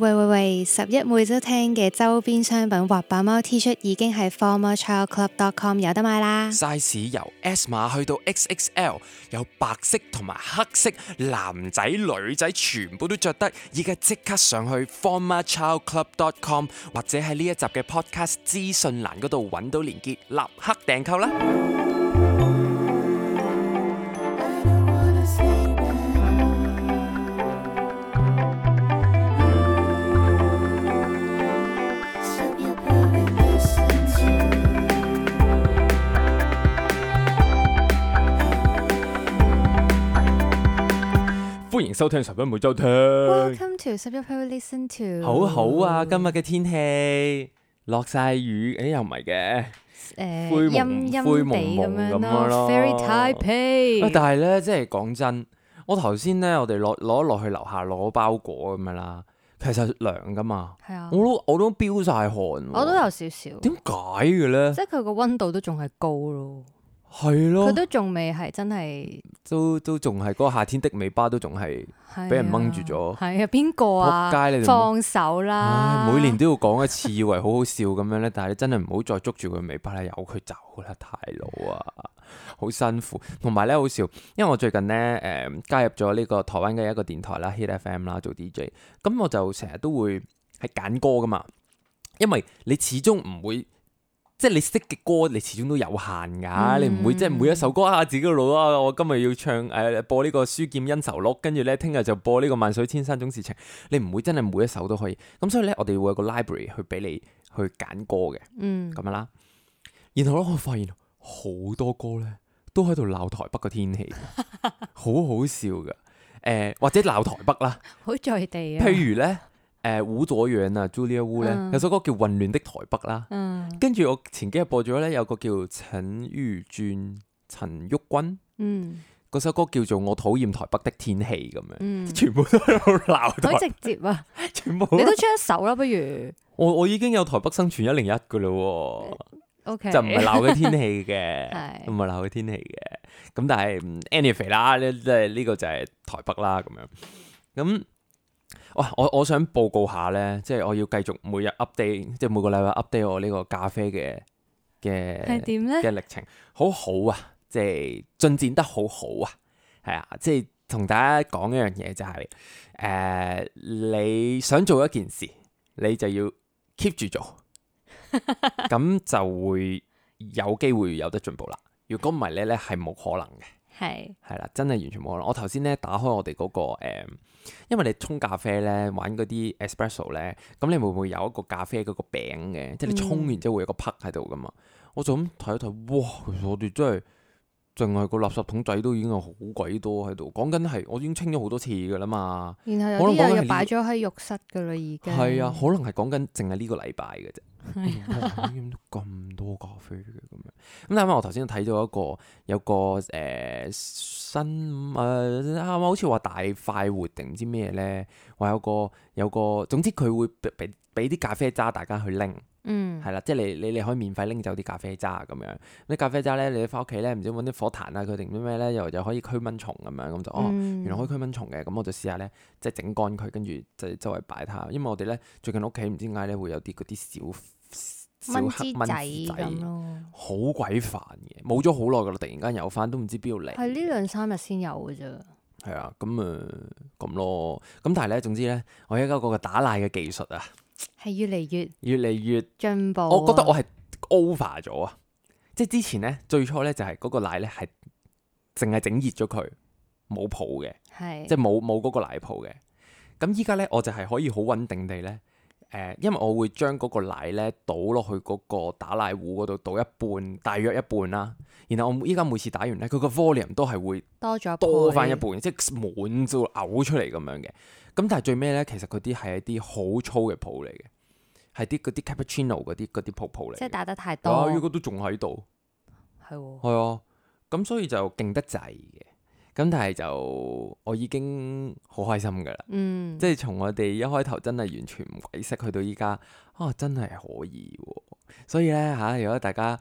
喂喂喂！十一每周聽嘅周邊商品滑板貓 T 恤已經喺 formerchildclub.com 有得買啦。size 由 S 碼去到 XXL，有白色同埋黑色，男仔女仔全部都着得。而家即刻上去 formerchildclub.com 或者喺呢一集嘅 podcast 資訊欄嗰度揾到連結，立刻訂購啦！歡迎收聽十一每周聽。Welcome to 十一每周 Listen to。好好啊，今日嘅天氣落晒雨，誒又唔係嘅，誒灰陰陰地咁樣咯，very type。啊，但係咧，即係講真，我頭先咧，我哋落攞落去樓下攞包裹咁樣啦，其實涼噶嘛。係啊我。我都我都飆晒汗了。我都有少少。點解嘅咧？即係佢個溫度都仲係高咯。係咯，佢、啊、都仲未係真係，都都仲係嗰個夏天的尾巴都仲係俾人掹住咗。係啊，邊個啊？扑街你就放手啦，啊！每年都要講一次以為好好笑咁樣咧，但係你真係唔好再捉住佢尾巴啦，由佢走啦，大佬啊，好辛苦。同埋咧好笑，因為我最近咧誒、嗯、加入咗呢個台灣嘅一個電台啦 ，Hit FM 啦，做 DJ，咁我就成日都會係揀歌噶嘛，因為你始終唔會。即係你識嘅歌，你始終都有限噶，嗯、你唔會即係每一首歌啊，自己個腦啊，我今日要唱誒、哎、播、這個、劍呢個書劍恩仇錄，跟住咧聽日就播呢、這個萬水千山總是情，你唔會真係每一首都可以。咁所以咧，我哋會有個 library 去俾你去揀歌嘅，嗯，咁樣啦。然後咧，我發現好多歌咧都喺度鬧台北個天氣，好 好笑噶。誒、呃，或者鬧台北啦， 好在地啊。譬如咧。誒，吳卓源啊，Julia Wu 咧，有首歌叫《混亂的台北》啦。嗯，跟住我前幾日播咗咧，有個叫陳玉娟、陳旭君，嗯，嗰首歌叫做《我討厭台北的天氣》咁樣，全部都喺度鬧。直接啊！全部你都出一首啦，不如我我已經有《台北生存一零一》噶啦，OK，就唔係鬧嘅天氣嘅，唔係鬧嘅天氣嘅，咁但係 anyway 啦，即係呢個就係台北啦，咁樣咁。哇、哦！我我想報告下咧，即係我要繼續每日 update，即係每個禮拜 update 我呢個咖啡嘅嘅係點咧嘅歷程，好好啊，即係進展得好好啊，係啊，即係同大家講一樣嘢就係、是、誒、呃，你想做一件事，你就要 keep 住做，咁 就會有機會有得進步啦。如果唔係咧，咧係冇可能嘅。係係啦，真係完全冇可能。我頭先呢，打開我哋嗰個，誒，因為你沖咖啡呢，玩嗰啲 espresso 呢，咁你會唔會有一個咖啡嗰個餅嘅？即係你沖完之後會有個 puck 喺度噶嘛？我就咁睇一睇，哇！其實我哋真係～淨係個垃圾桶仔都已經係好鬼多喺度，講緊係我已經清咗好多次㗎啦嘛。然後有啲又擺咗喺浴室㗎啦，已經。係這啊，可能係講緊淨係呢個禮拜㗎啫。咁、 嗯、多咖啡嘅咁樣，咁、嗯、但係我頭先睇到一個有一個誒、呃、新誒、呃，好似話大快活定唔知咩咧，話有個有個，總之佢會俾俾啲咖啡渣大家去拎。嗯，係啦，即係你你你可以免費拎走啲咖啡渣啊咁樣，啲咖啡渣咧，你翻屋企咧，唔知揾啲火炭啊佢定啲咩咧，又又可以驅蚊蟲咁樣，咁就哦，原來可以驅蚊蟲嘅，咁我就試下咧，即係整乾佢，跟住就周圍擺它，因為我哋咧最近屋企唔知點解咧會有啲嗰啲小，小黑蚊子蚊仔，好鬼煩嘅，冇咗好耐噶啦，突然間有翻，都唔知邊度嚟，係呢兩三日先有嘅啫，係啊，咁啊咁咯，咁但係咧總之咧，我而家個打奶嘅技術啊～係越嚟越，越嚟越進進步。我覺得我係 over 咗啊！即係之前呢，最初呢就係、是、嗰個奶呢，係淨係整熱咗佢，冇泡嘅，是的 即係冇冇嗰個奶泡嘅。咁依家呢，我就係可以好穩定地呢。誒，因為我會將嗰個奶咧倒落去嗰個打奶壺嗰度倒一半，大約一半啦。然後我依家每次打完咧，佢個 volume 都係會多咗多翻一,一半，即係滿就會嘔出嚟咁樣嘅。咁但係最尾咧，其實佢啲係一啲好粗嘅泡嚟嘅，係啲嗰啲 cappuccino 嗰啲嗰啲泡泡嚟。即係打得太多，如果都仲喺度，係喎，係啊，咁、哦、所以就勁得滯嘅。咁但係就我已經好開心噶啦，嗯、即係從我哋一開頭真係完全唔鬼識去到依家，啊真係可以，所以咧吓、啊，如果大家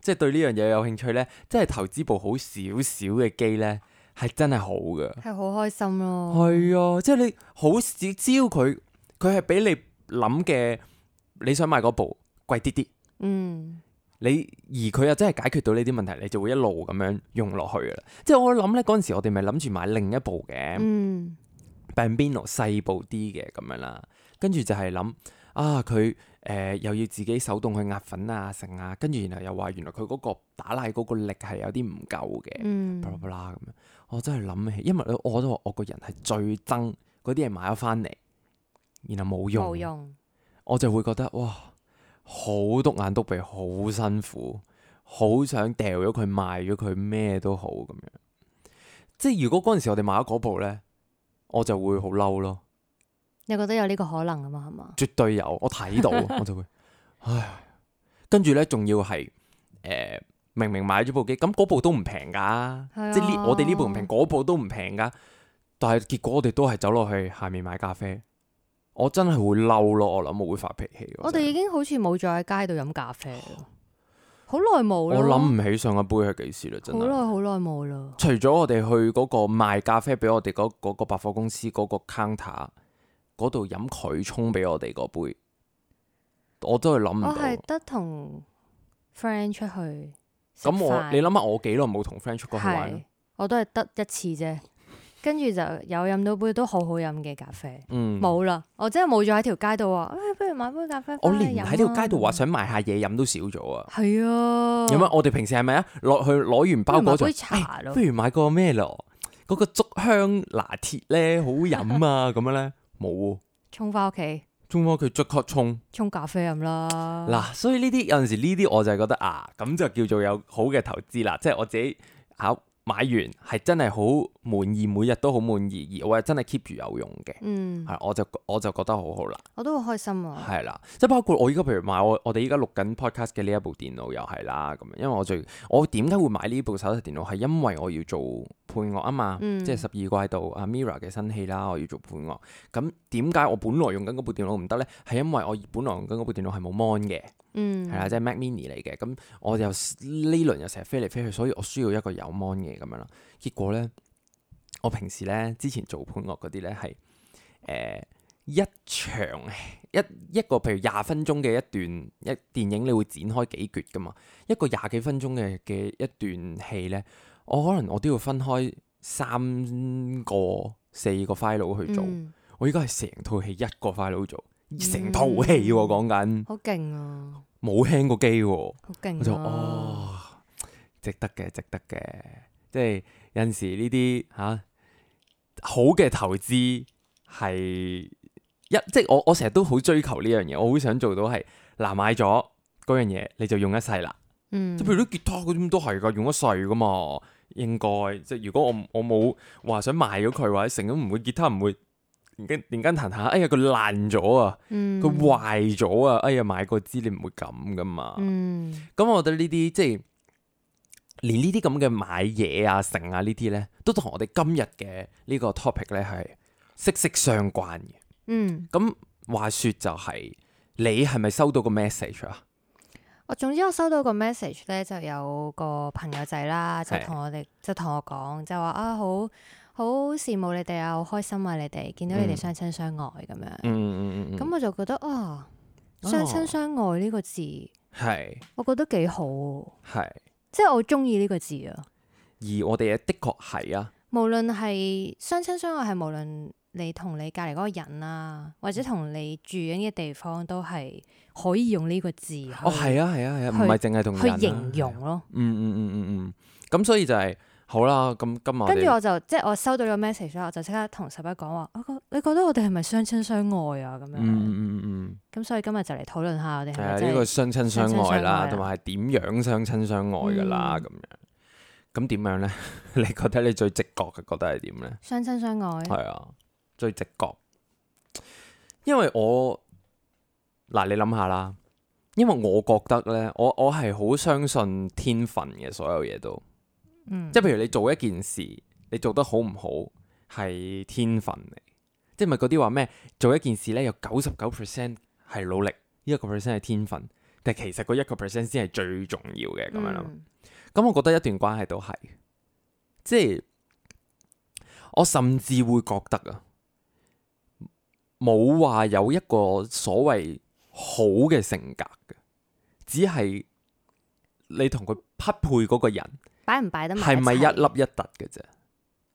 即係對呢樣嘢有興趣咧，即係投資部好少少嘅機咧，係真係好噶，係好開心咯，係啊，即係你好少，只要佢佢係比你諗嘅你想買嗰部貴啲啲，嗯。你而佢又真係解決到呢啲問題，你就會一路咁樣用落去啦。即係我諗咧，嗰陣時我哋咪諗住買另一部嘅、嗯、，b 嗯，Bambino 細部啲嘅咁樣啦。跟住就係諗啊，佢誒、呃、又要自己手動去壓粉啊、成啊。跟住然後又話原來佢嗰個打奶嗰個力係有啲唔夠嘅，嗯，咁樣。我真係諗起，因為咧我都話我個人係最憎嗰啲嘢買咗翻嚟，然後冇用，沒用我就會覺得哇。好篤眼篤鼻，好辛苦，好想掉咗佢賣咗佢咩都好咁樣。即係如果嗰陣時我哋買咗嗰部呢，我就會好嬲咯。你覺得有呢個可能啊嘛？係嘛？絕對有，我睇到 我就會唉。跟住呢，仲要係誒、呃，明明買咗部機，咁嗰部都唔平㗎，啊、即係呢我哋呢部唔平，嗰部都唔平㗎。但係結果我哋都係走落去下面買咖啡。我真係會嬲咯！我諗我會發脾氣。我哋已經好似冇再喺街度飲咖啡，好耐冇啦。呵我諗唔起上一杯係幾時啦，真係好耐好耐冇啦。很久很久除咗我哋去嗰個賣咖啡俾我哋嗰個百貨公司嗰個 counter 嗰度飲佢沖俾我哋嗰杯，我都係諗唔到。我係得同 friend 出去。咁我你諗下我幾耐冇同 friend 出過去玩？我都係得一次啫。跟住就有飲到杯都好好飲嘅咖啡，嗯，冇啦，我真係冇咗喺條街度啊、哎！不如買杯咖啡，我連喺條街度話想買下嘢飲都少咗啊！係啊，有咩？我哋平時係咪啊？落去攞完包嗰就不如買杯茶咯、哎，不如買個咩咯？嗰、嗰個竹香拿鐵咧好飲啊！咁 樣咧冇，沖翻屋企，沖翻屋企，即刻沖，沖咖啡飲啦。嗱，所以呢啲有陣時呢啲，我就係覺得啊，咁就叫做有好嘅投資啦。即係我自己考。買完係真係好滿意，每日都好滿意，而我係真係 keep 住有用嘅，係、嗯、我就我就覺得好好啦。我都好開心啊！係啦，即係包括我依家，譬如買我我哋依家錄緊 podcast 嘅呢一部電腦又係啦，咁因為我最我點解會買呢部手提電腦係因為我要做配樂啊嘛，嗯、即係十二怪道阿 Mira 嘅新戲啦，我要做配樂。咁點解我本來用緊嗰部電腦唔得呢？係因為我本來用緊嗰部電腦係冇 mon 嘅。嗯，係啦，即係 Mac Mini 嚟嘅，咁我就呢輪又成日飛嚟飛去，所以我需要一個有 mon 嘅咁樣啦。結果咧，我平時咧之前做判樂嗰啲咧係，誒、呃、一場一一個譬如廿分鐘嘅一段一電影，你會展開幾橛噶嘛？一個廿幾分鐘嘅嘅一段戲咧，我可能我都要分開三個四個 file 去做，嗯、我依家係成套戲一個 file 做，成、嗯、套戲喎講緊，好勁啊！冇輕過機喎，好勁喎，我就哦，值得嘅，值得嘅，即係有陣時呢啲吓好嘅投資係一，即係我我成日都好追求呢樣嘢，我好想做到係嗱買咗嗰樣嘢你就用一世啦，嗯，即譬如都吉他嗰啲都係噶，用一世噶嘛，應該即係如果我我冇話想賣咗佢，或者成日唔會吉他唔會。突然間彈下彈彈，哎呀，佢爛咗啊，佢壞咗啊，哎呀，買個支你唔會咁噶嘛。咁、嗯、我覺得呢啲即係連呢啲咁嘅買嘢啊、成啊呢啲咧，都同我哋今日嘅呢個 topic 咧係息息相關嘅。嗯，咁話說就係、是、你係咪收到個 message 啊？我總之我收到個 message 咧，就有個朋友仔啦，就同我哋是的，就同我講，就話啊好。好羨慕你哋啊！好開心啊！你哋見到你哋相親相愛咁樣，咁、嗯嗯嗯、我就覺得啊，相親相愛呢個字係，哦、我覺得幾好，係是，即係我中意呢個字啊。而我哋嘅的確係啊無論係相親相愛，係無論你同你隔籬嗰個人啦、啊，或者同你住緊嘅地方，都係可以用呢個字。哦，係啊，係啊，係啊，唔係淨係同去形容咯。嗯嗯嗯嗯嗯，咁、嗯嗯嗯嗯、所以就係、是。好啦，咁今日跟住我就即係我收到咗 message，我就即刻同十一講話，我覺你覺得我哋係咪相親相愛啊？咁樣、嗯，嗯嗯嗯嗯，咁所以今日就嚟討論下我哋係啊呢個相親相愛啦，同埋係點樣相親相愛噶啦？咁樣，咁點樣咧？你覺得你最直覺嘅覺得係點咧？相親相愛係啊，最直覺，因為我嗱，你諗下啦，因為我覺得咧，我我係好相信天分嘅，所有嘢都。即係，譬如你做一件事，你做得好唔好係天分嚟，即係咪嗰啲話咩做一件事咧？有九十九 percent 係努力，呢一個 percent 係天分，但係其實嗰一個 percent 先係最重要嘅咁樣。咁，嗯、我覺得一段關係都係即係我甚至會覺得啊，冇話有一個所謂好嘅性格嘅，只係你同佢匹配嗰個人。擺唔係咪一粒一突嘅啫？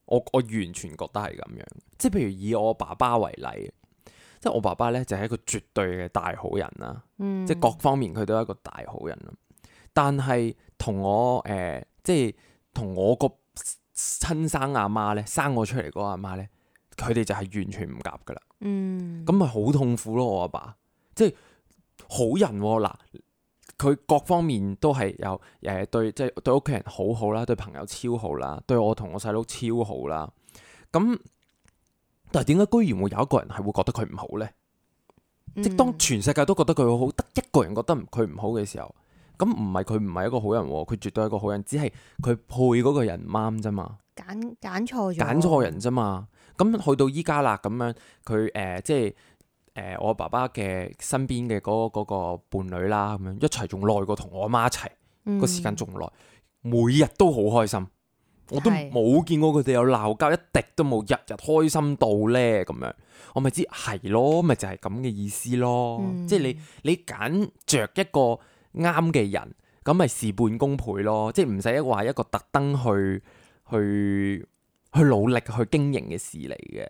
我我完全覺得係咁樣，即係譬如以我爸爸為例，即係我爸爸咧就係一個絕對嘅大好人啦，即係各方面佢都係一個大好人。但係同我誒，即係同我個親生阿媽咧，生我出嚟嗰個阿媽咧，佢哋就係完全唔夾噶啦。咁咪好痛苦咯！我阿爸即係好人嗱。 佢各方面都係有誒、就是、對，即、就、係、是、對屋企人好好啦，對朋友超好啦，對我同我細佬超好啦。咁，但係點解居然會有一個人係會覺得佢唔好呢？嗯、即當全世界都覺得佢好好，得一個人覺得佢唔好嘅時候，咁唔係佢唔係一個好人喎、啊，佢絕對係一個好人，只係佢配嗰個人唔啱啫嘛。揀，揀錯。揀錯人啫嘛。咁去到依家啦，咁樣佢誒、呃、即係。誒、呃，我爸爸嘅身邊嘅嗰嗰個伴侶啦，咁樣一齊仲耐過同我媽一齊，個時間仲耐，嗯、每日都好開心，我都冇見過佢哋有鬧交，一滴都冇，日日開心到呢。咁樣，我咪知係咯，咪就係咁嘅意思咯，嗯、即係你你揀着一個啱嘅人，咁咪事半功倍咯，即係唔使話一個特登去去去努力去經營嘅事嚟嘅，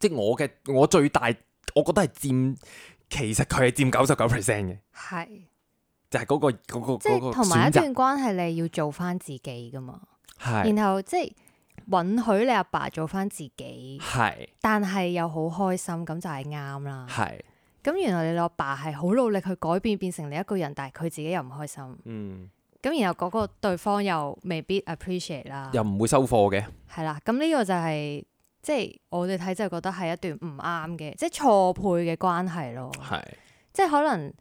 即係我嘅我最大。我覺得係佔，其實佢係佔九十九 percent 嘅。係，是就係嗰、嗰個即係同埋一段關係，你要做翻自己噶嘛？係是。然後即係、就是、允許你阿爸，爸做翻自己。係是。但係又好開心，咁就係啱啦。係是。咁原來你阿爸係好努力去改變，變成你一個人，但係佢自己又唔開心。嗯。咁然後嗰個對方又未必 appreciate 啦。又唔會收貨嘅。係啦，咁呢個就係、是。即係我哋睇就覺得係一段唔啱嘅，即係錯配嘅關係咯。係、啊，即係可能呢、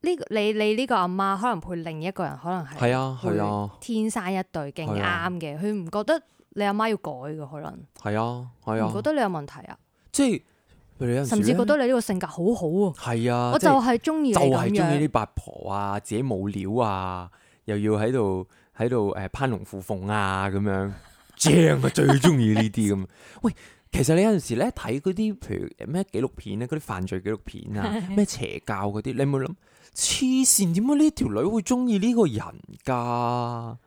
呢個？你你呢個阿媽，媽可能配另一個人，可能係係啊係啊，天生一對勁啱嘅。佢唔、啊啊、覺得你阿媽，媽要改嘅，可能係啊係啊，唔、啊、覺得你有問題啊。即係、啊啊、甚至覺得你呢個性格好好啊。係啊，我就係中意就係中意啲八婆啊，自己冇料啊，又要喺度喺度誒攀龍附鳳啊咁樣。正啊，最中意呢啲咁。 喂，其實你有陣時咧睇嗰啲，譬如咩紀錄片咧，嗰啲犯罪紀錄片啊，咩 邪教嗰啲，你有冇諗，黐線，點解呢條女會中意呢個人噶？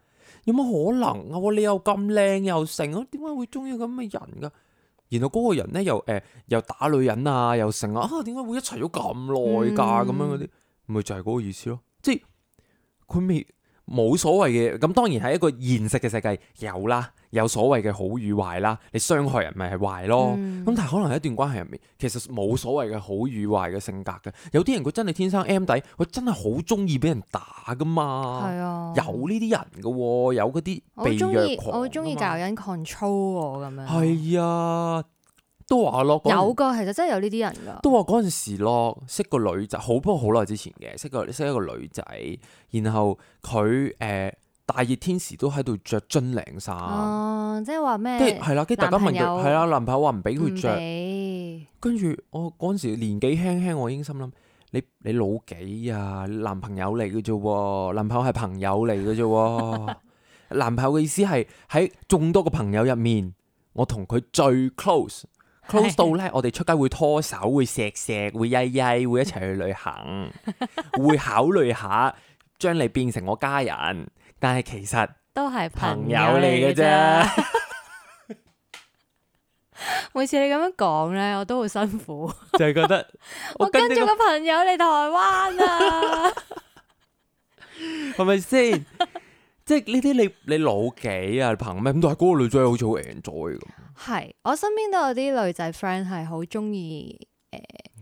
有乜可能啊？你又咁靚又成，點解會中意咁嘅人噶？然後嗰個人咧又誒、呃、又打女人啊，又成啊，啊點解會一齊咗咁耐噶？咁、嗯、樣嗰啲，咪就係、是、嗰個意思咯。即係佢未。冇所謂嘅，咁當然係一個現實嘅世界有啦，有所謂嘅好與壞啦。你傷害人咪係壞咯。咁、嗯、但係可能喺一段關係入面，其實冇所謂嘅好與壞嘅性格嘅。有啲人佢真係天生 M 底，佢真係好中意俾人打㗎嘛。係啊、有呢啲人㗎喎，有嗰啲被虐狂啊嘛，我中意我中意教人 control 我咁樣。係啊。都話咯，有個其實真係有呢啲人噶。都話嗰陣時咯，識個女仔，好不過好耐之前嘅，識個識一個女仔，然後佢誒、呃、大熱天時都喺度着樽領衫。哦，即係話咩？係啦，跟住突然間大家問，係啦朋，男朋友話唔俾佢着。跟住我嗰陣時年紀輕輕，我已經心諗你你老幾啊？男朋友嚟嘅啫喎，男朋友係朋友嚟嘅啫喎。 男朋友嘅意思係喺眾多個朋友入面，我同佢最 close。close 到咧，我哋出街會拖手，會錫錫，會曳曳，會一齊去旅行， 會考慮下將你變成我家人，但係其實都係朋友嚟嘅啫。每次你咁樣講咧，我都好辛苦，就係覺得我跟住個， 個朋友嚟台灣啊 ，係咪先？即係呢啲你你老幾啊？憑咩咁？但係嗰個女仔好似好 enjoy 咁。係，我身邊都有啲女仔 friend 係好中意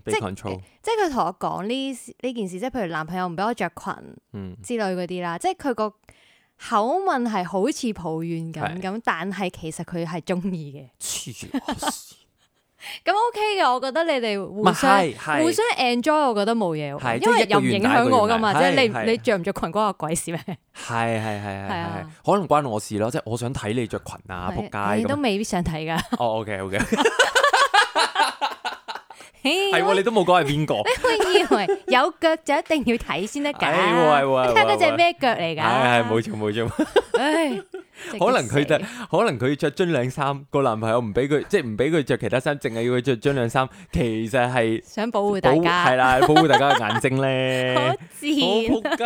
誒，即係即係佢同我講呢呢件事，即係譬如男朋友唔俾我着裙，之類嗰啲啦，嗯、即係佢個口吻係好似抱怨咁咁，是但係其實佢係中意嘅。 咁 OK 嘅，我覺得你哋互相互相 enjoy，我覺得冇嘢，係，因為又唔影響我噶嘛，即係你你着唔着裙嗰個鬼事咩？係係係係啊，可能關我事咯，即係我想睇你着裙啊，仆街。你都未必想睇噶。哦。哦，OK，OK。係喎，你都冇講係邊個？我以為有腳就一定要睇先得噶睇嗰隻咩腳嚟噶？係，係冇錯冇錯，可能佢就可能佢着樽領衫，個男朋友唔俾佢，即係唔俾佢着其他衫，淨係要佢着樽領衫。其實係想保護大家，係啦，保護大家嘅眼睛咧，好賤，好撲街。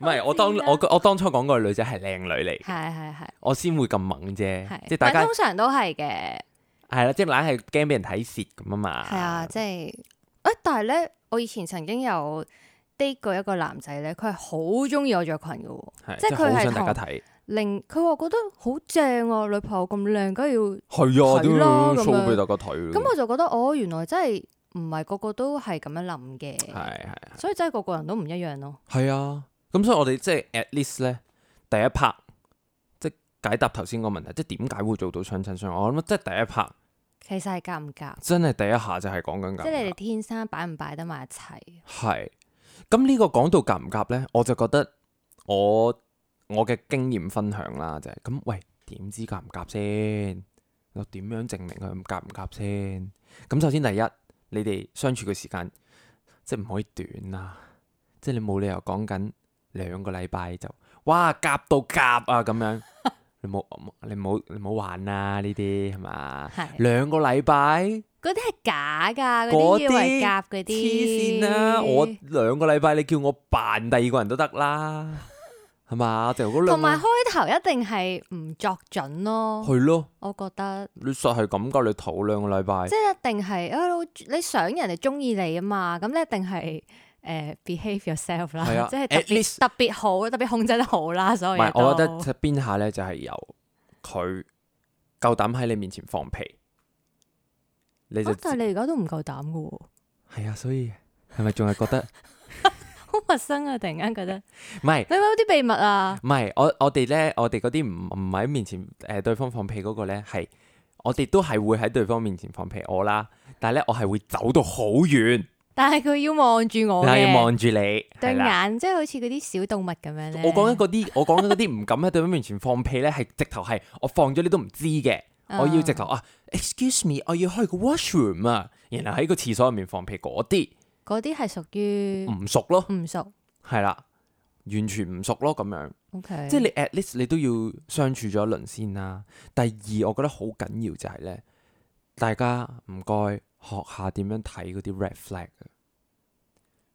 唔係我當我我當初講個女仔係靚女嚟，係係係，我先會咁猛啫，即係大家通常都係嘅。係啦，即係懶係驚俾人睇蝕咁啊嘛。係啊，即係誒，但係咧，我以前曾經有 date 過一個男仔咧，佢係好中意我着裙噶喎，的即係佢係想大家睇。令佢話覺得好正啊，女朋友咁靚，梗係要係啊，都要 show 俾大家睇。咁我就覺得哦，原來真係唔係個個都係咁樣諗嘅。係係的所以真係個個人都唔一樣咯。係啊，咁所以我哋即係 at least 咧，第一 part 即係解答頭先個問題，即係點解會做到相親相愛？我諗即係第一 part。其實係夾唔夾？真係第一下就係講緊夾。即係你哋天生擺唔擺得埋一齊？係，咁呢個講到夾唔夾呢，我就覺得我我嘅經驗分享啦，就係、是、咁。喂，點知夾唔夾先？又點樣證明佢唔夾唔夾先？咁首先第一，你哋相處嘅時間即係唔可以短啦、啊。即係你冇理由講緊兩個禮拜就哇夾到夾啊咁樣。 你冇，你冇，你冇玩啦！呢啲係嘛？兩個禮拜嗰啲係假噶，嗰啲要為夾嗰啲黐線啦。我兩個禮拜你叫我扮第二個人都得啦，係嘛？同埋開頭一定係唔作準咯，係咯，我覺得你實係咁噶，你頭兩個禮拜，即係一定係，你想人哋中意你啊嘛？咁你一定係。誒、uh,，behave yourself 啦，的即係特別少好，特別控制得好啦，所以我覺得邊下咧就係、是、由佢夠膽喺你面前放屁，你就、啊。但係你而家都唔夠膽噶喎。係啊，所以係咪仲係覺得好 陌生啊？突然間覺得唔係， 是你有冇啲秘密啊？唔係，我我哋咧，我哋嗰啲唔唔喺面前誒、呃，對方放屁嗰個咧係，我哋都係會喺對方面前放屁我啦，但係咧我係會走到好遠。但係佢要望住我，但係要望住你對眼，即係好似嗰啲小動物咁樣咧。我講緊嗰啲， 我講緊啲唔敢喺對面面前放屁咧，係直頭係我放咗你都唔知嘅。啊、我要直頭啊，excuse me，我要去個 washroom 啊，然後喺個廁所入面放屁嗰啲，嗰啲係屬於唔熟咯，唔熟係 啦，完全唔熟咯咁樣。OK，即係你 at least 你都要相處咗一輪先啦。第二，我覺得好緊要就係咧，大家唔該。學下點樣睇嗰啲 red flag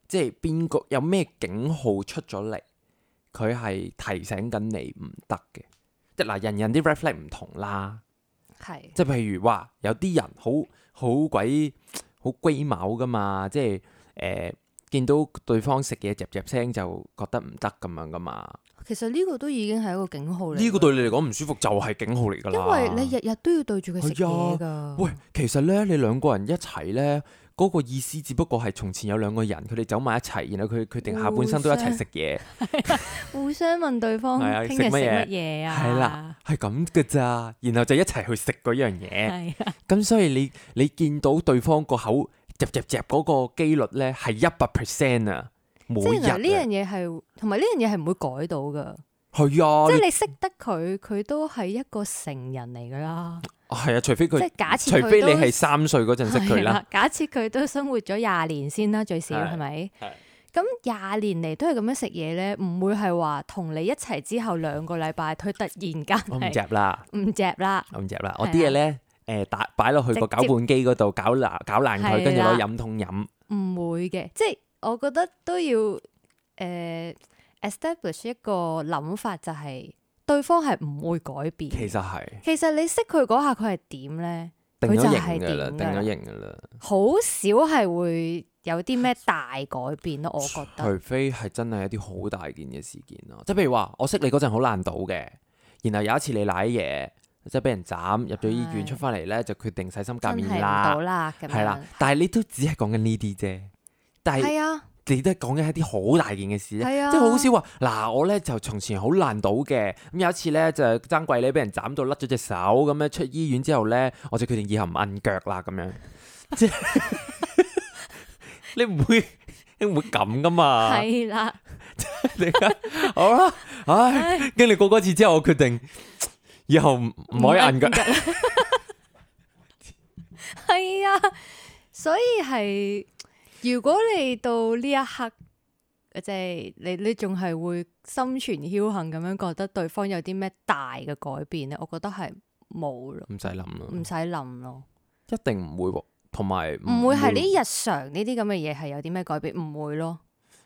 即係邊個有咩警號出咗嚟，佢係提醒緊你唔得嘅。即嗱，人人啲 red flag 唔同啦，係是即係譬如話有啲人好好鬼好龜毛㗎嘛，即係誒。呃見到對方食嘢嚼嚼聲就覺得唔得咁樣噶嘛。其實呢個都已經係一個警號嚟。呢個對你嚟講唔舒服就係警號嚟噶啦，因為你日日都要對住佢食嘢噶。喂，其實呢，你兩個人一齊呢，嗰、個意思只不過係從前有兩個人佢哋走埋一齊，然後佢決定下半生都一齊食嘢， 互相問對方聽日食乜嘢啊，係啦，係咁噶咋，然後就一齊去食嗰樣嘢。咁 所以你你見到對方個口。夾夾夾嗰個幾率咧係一百 percent 啊，每日呢樣嘢，係同埋呢樣嘢係唔會改到噶係啊，即係你識得佢，佢都係一個成人嚟噶啦，係啊，除非佢即係假設，除非你係三歲嗰陣識佢啦，啊。假設佢都生活咗廿年先啦，最少係咪？咁廿，啊啊啊，年嚟都係咁樣食嘢咧，唔會係話同你一齊之後兩個禮拜，佢突然間唔夾啦，唔夾啦，唔夾啦。我啲嘢咧。誒，打擺落去個攪拌機嗰度搞爛，攪爛佢，跟住攞飲筒飲。唔會嘅，即係我覺得都要誒、呃、establish 一個諗法，就係、是、對方係唔會改變。其實係，其實你識佢嗰下，佢係點咧？定咗型噶啦，定咗型噶啦。好少係會有啲咩大改變咯， 我覺得。除非係真係一啲好大件嘅事件咯，即係譬如話我識你嗰陣好難倒嘅，然後有一次你瀨嘢。即係俾人斬入咗醫院，出翻嚟咧，就決定洗心革面啦。係啦，這樣 但係你都只係講緊呢啲啫。的但係係啊，你都係講緊一啲好大件嘅事咧。即係的好少話嗱，我咧就從前好爛賭嘅。咁有一次咧就爭貴呢，俾人斬到甩咗隻手咁樣，出醫院之後咧，我就決定以後唔按腳啦。咁樣，即係 你唔會，你唔會咁噶嘛？係啦，即係你好啦，唉，經歷過嗰次之後，我決定。以後唔可以硬腳。係啊，所以係如果你到呢一刻，即係你你仲係會心存僥倖咁樣覺得對方有啲咩大嘅改變咧，我覺得係冇咯，唔使諗咯，唔使諗咯，一定唔會喎，同埋唔會係呢日常呢啲咁嘅嘢係有啲咩改變，唔會咯。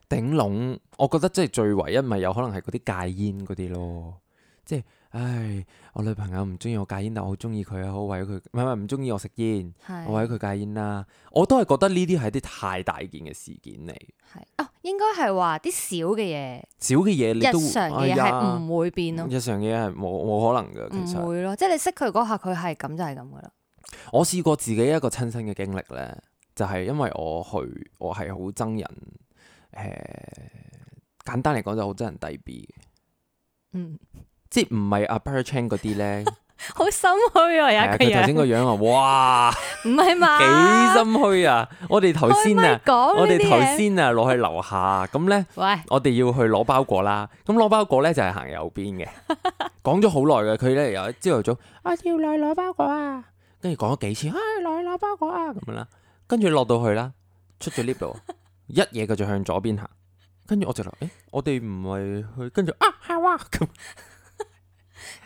頂籠，我覺得即係最唯一咪有可能係嗰啲戒煙嗰啲咯，即係。唉，我女朋友唔中意我戒煙，但我好中意佢。好為佢，唔係唔係唔中意我食煙，是我為佢戒煙啦、啊。我都係覺得呢啲係啲太大件嘅事件嚟。係哦，應該係話啲少嘅嘢，少嘅嘢，日常嘢係唔會變咯。日常嘅嘢係冇冇可能噶，其實唔會咯。即係你識佢嗰下，佢係咁就係咁噶啦。我試過自己一個親身嘅經歷咧，就係、是、因為我去，我係好憎人。誒、呃，簡單嚟講就好憎人低 B 嘅，嗯。即唔係阿 Per Chan 嗰啲咧？好心虛啊！而家。佢頭先個樣啊，哇！唔係嘛？幾心虛啊！我哋頭先啊，我哋頭先啊，落去樓下咁咧。喂，我哋要去攞包裹啦。咁攞包裹咧就係行右邊嘅。講咗好耐嘅，佢咧又朝頭早， 我要落去攞包裹啊！跟住講咗幾次，唉，落去攞包裹啊！咁樣啦，跟住落到去啦，出咗 lift 度， 一嘢佢就向左邊行，跟住我就話：誒、欸，我哋唔係去，跟住啊係哇咁。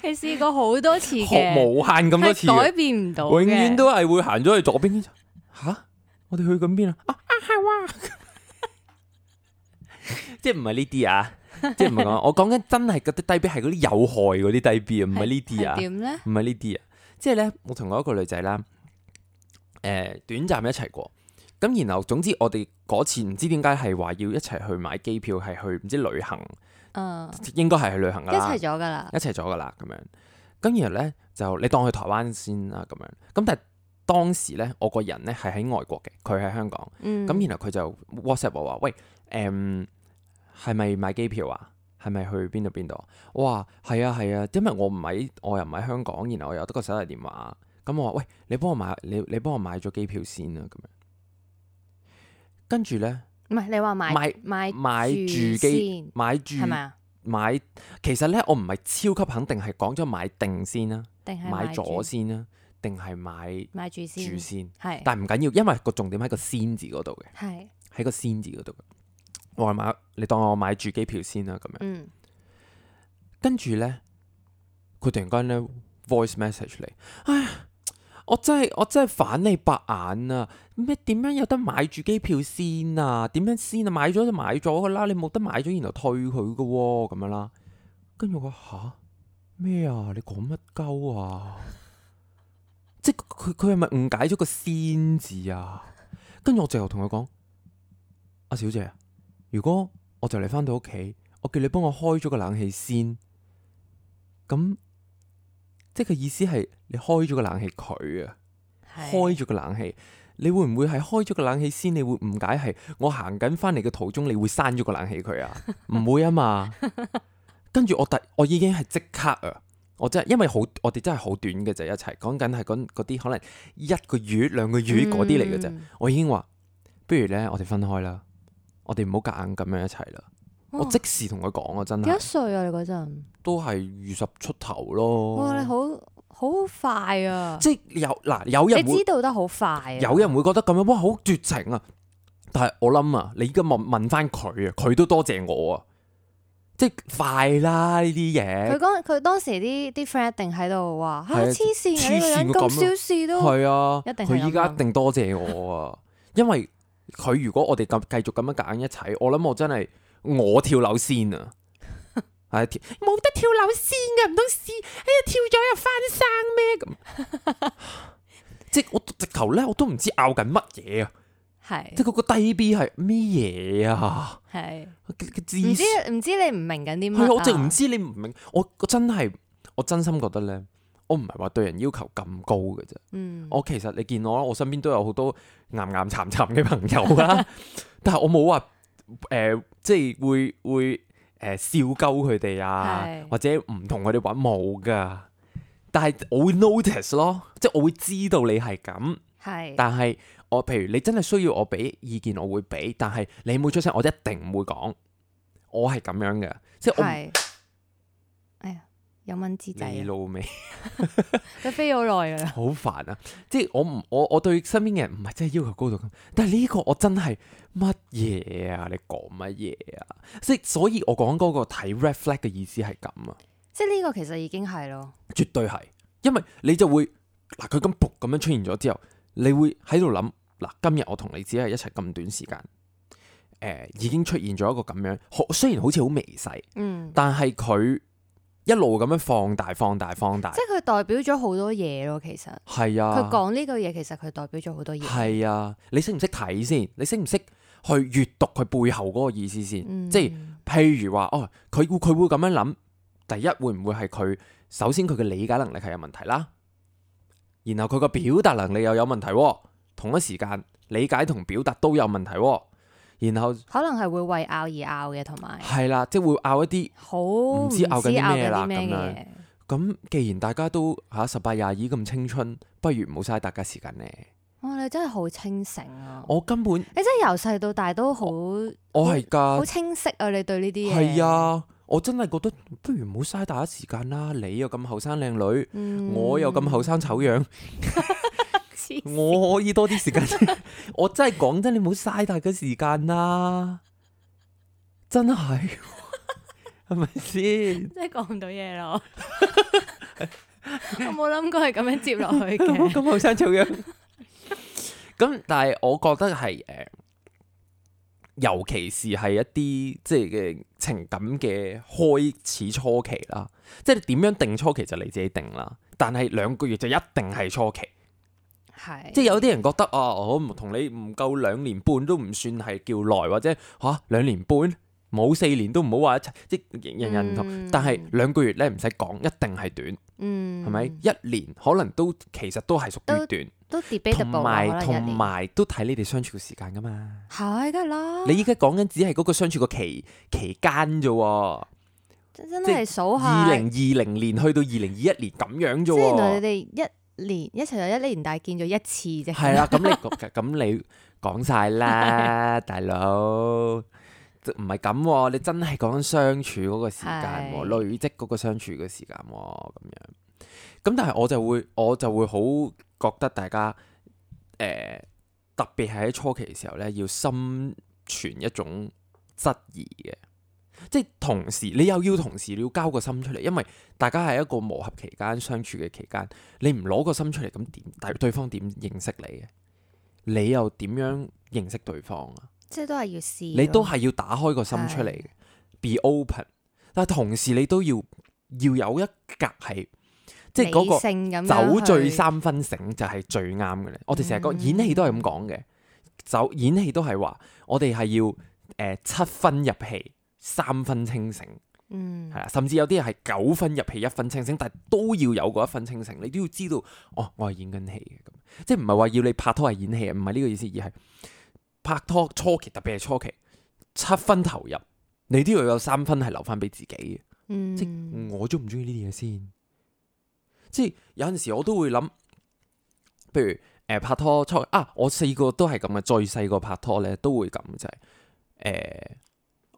你試過好多次嘅，無限咁多次，改變唔到，永遠都係會行咗去左邊。吓，我哋去緊邊啊？ 啊係哇， 即係唔係呢啲啊？即係唔係講，我講緊真係嗰啲低 B，係嗰啲有害嗰啲低 B 啊，唔係呢啲啊？點咧？唔係呢啲啊？即係咧，我同我一個女仔啦，誒、呃，短暫一齊過，咁然後總之我哋嗰次唔知點解係話要一齊去買機票，係去唔知去旅行。嗯，uh, 應該係去旅行噶啦，一齊咗噶啦，一齊咗噶啦咁樣。咁然後咧就你當去台灣先啦咁樣。咁但係當時咧我個人咧係喺外國嘅，佢喺香港。咁、嗯、然後佢就 WhatsApp 我話，喂，誒、嗯，係咪買機票啊？係咪去邊度邊度？我話，係啊係啊，啊，因為我唔喺，我又唔喺香港。然後我有得個手提電話，咁我話，喂，你幫我買，你你幫我買咗機票先啦。咁樣。跟住咧。唔係，你話買買買住機買住係咪啊？吧買其實咧，我唔係超級肯定，係講咗買定先啦，買咗先啦，定係買買住先係，先是但係唔緊要，因為個重點喺個先字嗰度嘅，係喺是個先字嗰度。我話買，你當我買住機票先啦，咁樣，嗯，跟住咧，佢突然間咧 voice message 嚟，唉。我真係我真係反你白眼啊！咩點樣有得買住機票先啊？點樣先啊？買咗就買咗噶啦，你冇得買咗然後退佢噶咁樣啦。跟住我話吓？咩啊？你講乜鳩啊？即係佢佢係咪誤解咗個先字啊？跟住我就同佢講，阿小姐，如果我就嚟返到屋企，我叫你幫我開咗個冷氣先，咁。即係佢意思係，你開咗個冷氣佢啊，開咗個冷氣的，你會唔會係開咗個冷氣先？你會誤解係我行緊翻嚟嘅途中，你會閂咗個冷氣佢啊？唔 會啊嘛， 跟住我第我已經係即刻啊，我真係因為好，我哋真係好短嘅就一齊講緊係嗰啲可能一個月兩個月嗰啲嚟嘅啫。嗯、我已經話，不如呢，我哋分開啦，我哋唔好夾硬咁樣一齊啦。我即時同佢講啊，真係幾多歲啊你陣？你嗰陣都係二十出頭咯。哇，你好好快啊！即有嗱有人，你知道得好快啊。有人會覺得咁樣哇，好絕情啊！但係我諗啊，你而家問問翻佢啊，佢都多謝我啊！即快啦呢啲嘢。佢當佢當時啲啲 friend 一定喺度話，吓黐線，黐線咁小事都係啊！佢依家一定多謝我啊！ 因為佢如果我哋咁繼續咁樣夾硬一齊，我諗我真係。我跳樓先啊！係冇 得跳樓先噶，唔通試哎呀跳咗又翻生咩咁？ 即係我直頭咧，我都唔知拗緊乜嘢啊！係是即係嗰個低 B 係咩嘢啊？係唔知唔知你唔明緊啲乜？係我淨唔知你唔明，我，明、啊、我真係我真心覺得咧，我唔係話對人要求咁高嘅啫。嗯，我其實你見我啦，我身邊都有好多岩岩沉沉嘅朋友啦、啊， 但係我冇話。誒、呃，即係會會誒、呃、笑鳩佢哋啊，是的 或者唔同佢哋玩冇噶。但係我會 notice 咯，即係我會知道你係咁。是的 但係我譬如你真係需要我俾意見我我，我會俾。但係你冇出聲，我一定唔會講。我係咁樣嘅，即係我，是的 我。有蚊之計、啊，你 飛好耐噶啦，好煩啊！即係我唔我我，我對身邊嘅人唔係真係要求高度咁，但係呢個我真係乜嘢啊？你講乜嘢啊？即係所以我講嗰、那個睇 reflect 嘅意思係咁啊！即係呢個其實已經係咯，絕對係，因為你就會嗱，佢咁仆咁樣出現咗之後，你會喺度諗嗱，今日我同你只係一齊咁短時間，誒、呃，已經出現咗一個咁樣，雖然好似好微細，嗯，但係佢。一路咁樣放大、放大、放大，即係佢代表咗好多嘢咯，其實。係啊。佢講呢句嘢，其實佢代表咗好多嘢。係啊，你識唔識睇先？你識唔識去閱讀佢背後嗰個意思先？嗯、即係譬如話，哦，佢會佢會咁樣諗，第一會唔會係佢首先佢嘅理解能力係有問題啦？然後佢個表達能力又有問題，同一時間理解同表達都有問題。然後可能係會為拗而拗嘅，同埋係啦，即係會拗一啲好唔知拗緊啲咩啦咁樣。咁、哦、既然大家都吓十八廿二咁青春，不如唔好嘥大家時間咧。哇、哦，你真係好清醒啊！我根本你真係由細到大都好，我係㗎好清晰啊！你對呢啲嘢係啊，我真係覺得不如唔好嘥大家時間啦。你又咁後生靚女，嗯、我又咁後生醜樣。神 我可以多啲時間，我真係講真，你唔好嘥大個時間啦，啊，真係係咪先？ 真係講唔到嘢咯，我冇諗過係咁樣接落去嘅。咁好想做嘢，咁但係我覺得係誒，尤其是係一啲即係嘅情感嘅開始初期啦，即係你點樣定初期就你自己定啦。但係兩個月就一定係初期。係，即係有啲人覺得啊，我同你唔夠兩年半都唔算係叫耐，或者吓兩、啊、年半冇四年都唔好話一齊，即係人人唔同。嗯、但係兩個月咧唔使講，一定係短，係咪、嗯？一年可能都其實都係屬於短，都 debatable 啦同埋同埋都睇有你哋相處嘅時間噶嘛，係噶啦。你依家講緊只係嗰個相處個期期間咋，真係數下二零二零年去到二零二一年咁樣咋，即你哋一。年一齊就一年，大係見咗一次啫。係、 啊、啦，咁你咁你講晒啦，大佬，唔係咁喎。你真係講相處嗰個時間喎、啊， 累積嗰個相處嘅時間喎、啊，咁樣。咁但係我就會我就會好覺得大家誒、呃、特別係喺初期嘅時候呢，要心存一種質疑嘅。即係同時，你又要同時你要交個心出嚟，因為大家係一個磨合期間相處嘅期間，你唔攞個心出嚟，咁點？但對方點認識你？啊，你又點樣認識對方啊？即係都係要試，你都係要打開個心出嚟嘅，be open。但係同時你都要要有一格係，即係嗰個酒醉三分醒就係最啱嘅咧。我哋成日講演戲都係咁講嘅，就演戲都係話我哋係要誒七分入戲。三分清醒，係啦、嗯，甚至有啲人係九分入戲，一分清醒，但係都要有嗰一分清醒，你都要知道，哦，我係演緊戲嘅，咁即係唔係話要你拍拖係演戲啊？唔係呢個意思，而係拍拖初期，特別係初期，七分投入，你都要有三分係留翻俾自己嘅，嗯、即我中唔中意呢啲嘢先。即係有陣時我都會諗，譬如誒、呃、拍拖初啊，我四個都係咁嘅，最細個拍拖咧都會咁，就係、是、誒。呃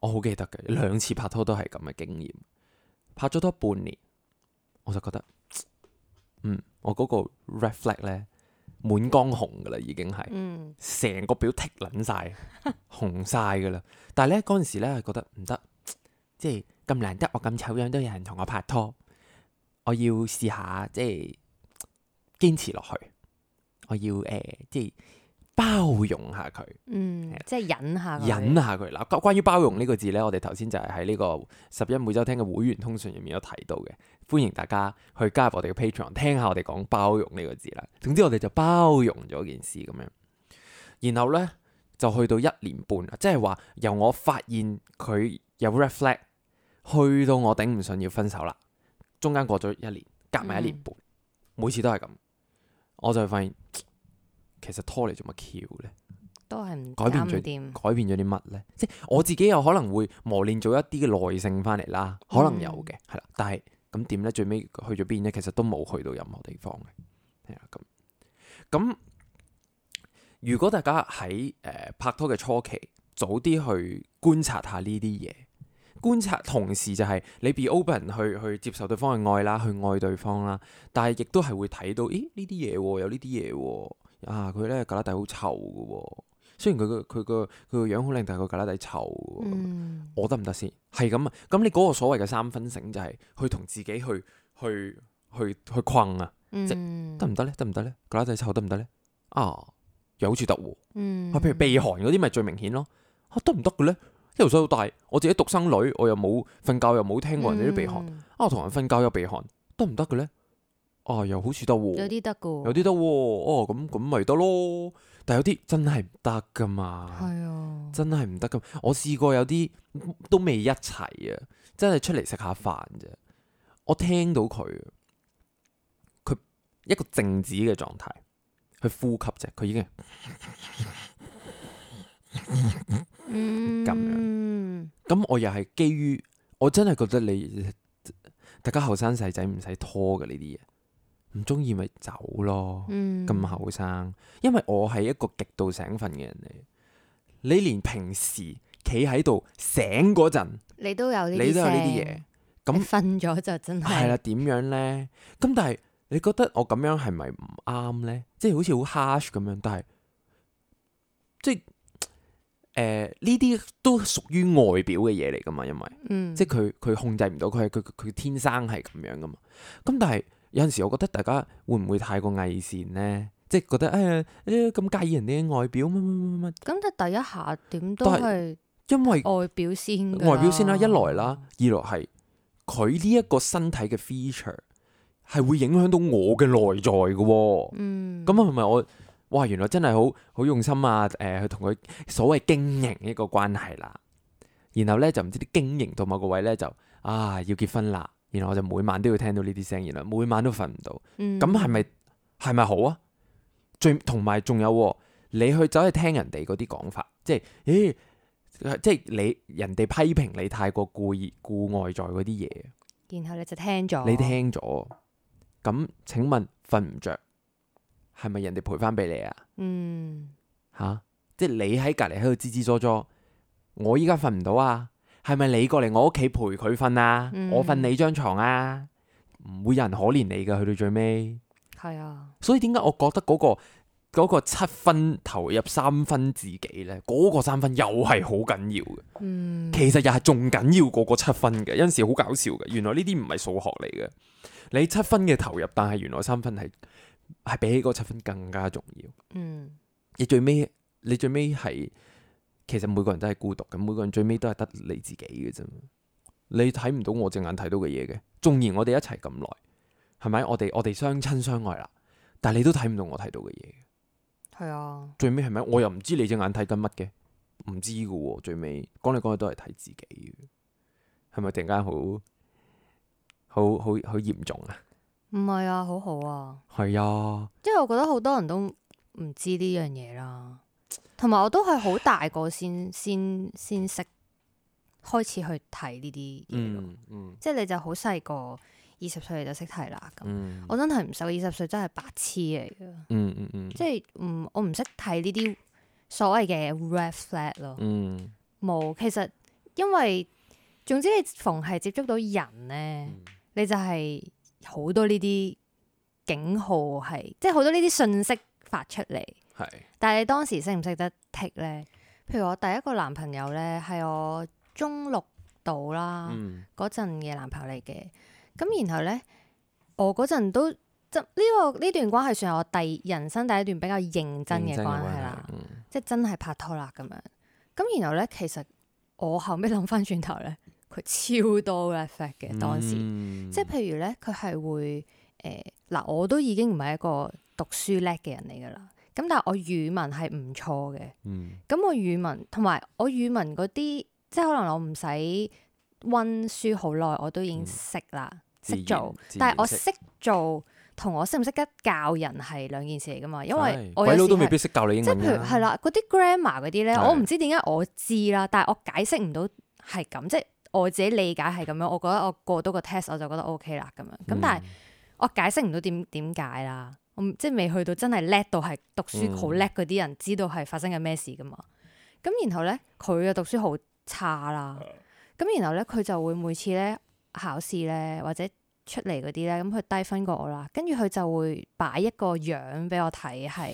我好記得嘅，兩次拍拖都係咁嘅經驗，拍咗多半年，我就覺得，嗯，我嗰個 red flag 呢，滿江紅㗎喇，已經係，成、嗯、個表剔撚晒， 紅晒㗎喇。但係呢，嗰陣時呢係覺得唔得，即係咁難得我咁醜樣都有人同我拍拖，我要試下即係堅持落去，我要誒、呃、即係。包容下佢，嗯，吧即係忍下，忍下佢。嗱，關於包容呢個字呢，我哋頭先就係喺呢個拾壹每週聽嘅會員通訊入面有提到嘅，歡迎大家去加入我哋嘅 Patreon，聽下我哋講包容呢個字啦。總之我哋就包容咗件事咁樣，然後呢，就去到一年半，即係話由我發現佢有 red flag，去到我頂唔順要分手啦，中間過咗一年，夾埋一年半，嗯、每次都係咁，我就發現。其實拖嚟做乜橋呢？都係改變咗啲乜呢？嗯、即係我自己有可能會磨練咗一啲嘅耐性翻嚟啦，可能有嘅係啦。但係咁點呢？最尾去咗邊呢？其實都冇去到任何地方嘅，係啊。咁咁，如果大家喺誒、呃、拍拖嘅初期，早啲去觀察下呢啲嘢，觀察同時就係你 be open 去去接受對方嘅愛啦，去愛對方啦。但係亦都係會睇到，咦，呢啲嘢喎，有呢啲嘢喎。啊！佢咧格拉底好臭噶、哦，雖然佢個佢個佢個樣好靚，但係佢格拉底臭。嗯、我得唔得先？係咁啊！咁你嗰個所謂嘅三分醒就係去同自己去去去去,去困啊！嗯、即得唔得咧？得唔得咧？格拉底臭得唔得咧？啊，又好似得喎、哦嗯啊。譬如鼻鼾嗰啲咪最明顯咯。啊，得唔得嘅咧？由細到大，我自己獨生女，我又冇瞓覺又冇聽過人哋啲鼻鼾。嗯、啊，同人瞓覺有鼻鼾，得唔得嘅咧？哦，又好似得喎，有啲得噶，有啲得喎，哦咁咁咪得咯。但係有啲真係唔得噶嘛，啊、真係唔得噶。我試過有啲都未一齊啊，真係出嚟食下飯啫。我聽到佢，佢一個靜止嘅狀態，佢呼吸啫，佢已經咁 樣。咁、嗯、我又係基於我真係覺得你大家後生細仔唔使拖嘅呢啲嘢。唔中意咪走咯，咁後生，因為我係一個極度醒瞓嘅人嚟。你連平時企喺度醒嗰陣，你都有呢啲你都有呢啲嘢。咁瞓咗就真係係啦。點、啊、樣咧？咁但係你覺得我咁樣係咪唔啱咧？即係好似好 harsh 咁樣，但係即係誒呢啲都屬於外表嘅嘢嚟噶嘛？因為、嗯、即係佢佢控制唔到，佢佢佢天生係咁樣噶嘛。咁但係。有陣時我覺得大家會唔會太過偽善呢？即係覺得哎呀，咁介意人哋嘅外表乜乜乜乜。咁就第一下點都係因為外表先，啊、外表先啦。一來啦，二來係佢呢一個身體嘅 feature 係會影響到我嘅內在嘅、喔。嗯是是，咁係咪我？哇，原來真係好好用心啊！誒、呃，去同佢所謂經營一個關係啦。然後呢，就唔知啲經營到某個位呢，就啊要結婚啦。然後我就每晚都要聽到呢啲聲音，然後每晚都瞓唔到。咁係咪係咪好啊？最同埋仲有，你去走去聽人哋嗰啲講法，即係，咦、欸，即係你人哋批評你太過故意、故外在嗰啲嘢，然後你就聽咗，你聽咗。咁請問瞓唔着，係咪人哋陪翻俾你啊？嗯，嚇，即係你喺隔離喺度吱吱嗦嗦，我依家瞓唔到啊！係咪你過嚟我屋企陪佢瞓啊？嗯、我瞓你張床啊？唔會有人可憐你噶，去到最尾。係啊。所以點解我覺得嗰、嗰個、嗰個七分投入三分自己咧，嗰、嗰個三分又係好緊要嘅。嗯、其實又係仲緊要過個七分嘅，有陣時好搞笑嘅。原來呢啲唔係數學嚟嘅。你七分嘅投入，但係原來三分係係比起嗰七分更加重要。嗯、你最尾，你最尾係。其實每個人都係孤獨咁，每個人最尾都係得你自己嘅啫。你睇唔到我隻眼睇到嘅嘢嘅，縱然我哋一齊咁耐，係咪？我哋我哋相親相愛啦，但係你都睇唔到我睇到嘅嘢。係啊。最尾係咪？我又唔知你隻眼睇緊乜嘅，唔知嘅。最尾講嚟講去都係睇自己嘅，係咪？突然間好，好好好嚴重啊！唔係啊，好好啊。係啊。因為我覺得好多人都唔知呢樣嘢啦。同埋我都係好大個先先先識開始去睇呢啲嘢咯，嗯嗯、即係你就好細個，二十歲你就識睇啦。咁、嗯、我真係唔受二十歲，真係白痴嚟嘅，嗯嗯、即係嗯我唔識睇呢啲所謂嘅 red flag 咯。冇、嗯嗯、其實因為總之你逢係接觸到人咧，嗯、你就係好多呢啲警號係即係好多呢啲信息發出嚟。但係你當時識唔識得踢咧？譬如我第一個男朋友咧，係我中六到啦嗰陣嘅男朋友嚟嘅。咁然後咧，我嗰陣都即呢、呢個呢段關係算係我第人生第一段比較認真嘅關係啦，係嗯、即係真係拍拖啦咁樣。咁然後咧，其實我後尾諗翻轉頭咧，佢超多嘅 effect 嘅當時，嗯、即係譬如咧，佢係會誒嗱、呃，我都已經唔係一個讀書叻嘅人嚟㗎啦。咁但係我語文係唔錯嘅，咁、嗯、我語文同埋我語文嗰啲，即係可能我唔使溫書好耐，我都已經識啦，識然做。然但係我識做同我識唔識得教人係兩件事嚟噶嘛，因為鬼佬都未必識教你英文。即係譬如，係啦，嗰啲 grammar 嗰啲咧，的我唔知點解我知啦，但係我解釋唔到係咁，即係的我自己理解係咁樣，我覺得我過到個 test 我就覺得 OK 啦咁樣。咁、嗯、但係我解釋唔到點點解啦。即係未去到真係叻到係讀書好叻嗰啲人知道係發生緊咩事噶嘛？咁然後咧佢嘅讀書好差啦，咁、嗯、然後咧佢就會每次咧考試咧或者出嚟嗰啲咧，咁佢低分過我啦，跟住佢就會擺一個樣俾我睇，係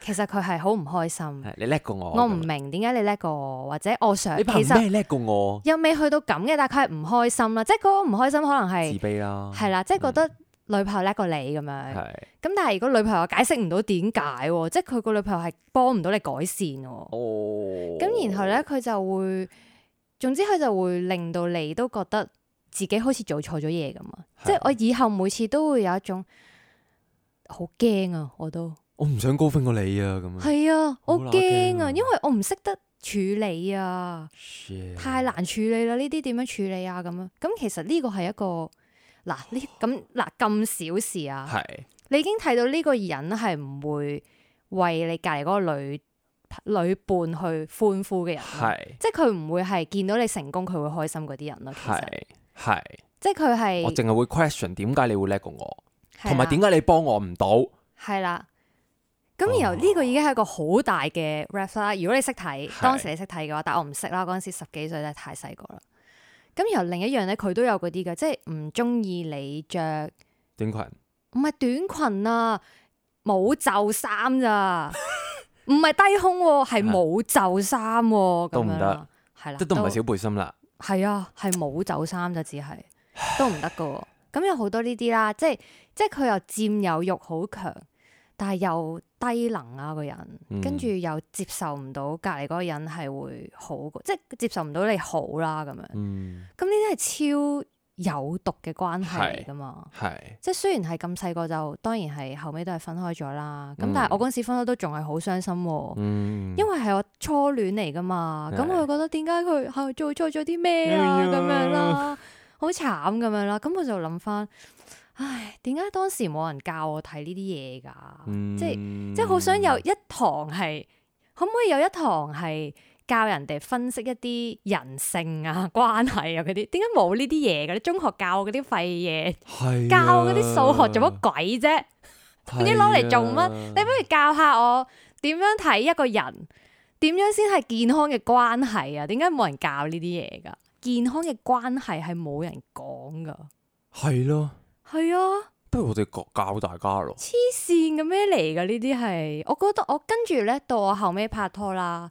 其實佢係好唔開心。 你叻過我，我唔明點解你叻過我，或者我想、哦、其實叻過我又未去到咁嘅，但係佢係唔開心啦，即係嗰個唔開心可能係自卑、啊、啦，係啦，嗯、即係覺得。女朋友叻過你咁樣，咁是但係如果女朋友解釋唔到點解，即係佢個女朋友係幫唔到你改善，咁、哦、然後呢，佢就會，總之佢就會令到你都覺得自己好似做錯咗嘢咁啊！是即係我以後每次都會有一種好驚啊！我都我唔想高分過你啊！咁係啊，我驚啊，啊因為我唔識得處理啊，Yeah. 太難處理啦！呢啲點樣處理啊？咁樣咁其實呢個係一個。嗱呢咁嗱咁小事啊，是你已經睇到呢個人係唔會為你隔離嗰個女女伴去歡呼嘅人，是即係佢唔會係見到你成功佢會開心嗰啲人咯。是其實係是即係佢係我淨係會 question 點解你會叻過我，同埋點解你幫我唔到？係啦、啊，咁、啊、然後呢個已經係一個好大嘅 rap 啦。如果你識睇當時你識睇嘅話，是但我唔識啦。嗰陣時十幾歲真係太細個啦。咁然後另一樣咧，佢都有嗰啲嘅，即係唔中意你着短裙，唔係短裙啊，冇袖衫咋？唔係 低胸、啊，係冇袖衫咁樣，係啦，都唔係都小背心啦，係啊，係冇袖衫就只係都唔得嘅。咁 有好多呢啲啦，即係即係佢又佔有欲好強，但係又。低能啊個人，跟住又接受唔到隔離嗰個人係會好過，即係接受唔到你好啦咁樣。咁呢啲係超有毒嘅關係嚟㗎嘛？即係雖然係咁細個就當然係後尾都係分開咗啦。咁但係我嗰陣時分開都仲係好傷心，啊，嗯、因為係我初戀嚟㗎嘛。咁是我就覺得點解佢係做錯咗啲咩啊？咁、哎、呀，咁樣啦，好慘咁樣啦。咁我就諗返。唉，點解當時冇人教我睇呢啲嘢噶？嗯、即係即係好想有一堂係，嗯、可唔可以有一堂係教人哋分析一啲人性啊、關係啊嗰啲？點解冇呢啲嘢嘅咧？中學教嗰啲廢嘢，啊、教嗰啲數學做乜鬼啫？點解攞嚟做乜？啊、你不如教下我點樣睇一個人，點樣先係健康嘅關係啊？點解冇人教呢啲嘢噶？健康嘅關係係冇人講噶，係咯。係啊，不如我哋教大家咯。黐線嘅咩嚟㗎？呢啲係，我覺得我跟住呢到我後尾拍拖啦，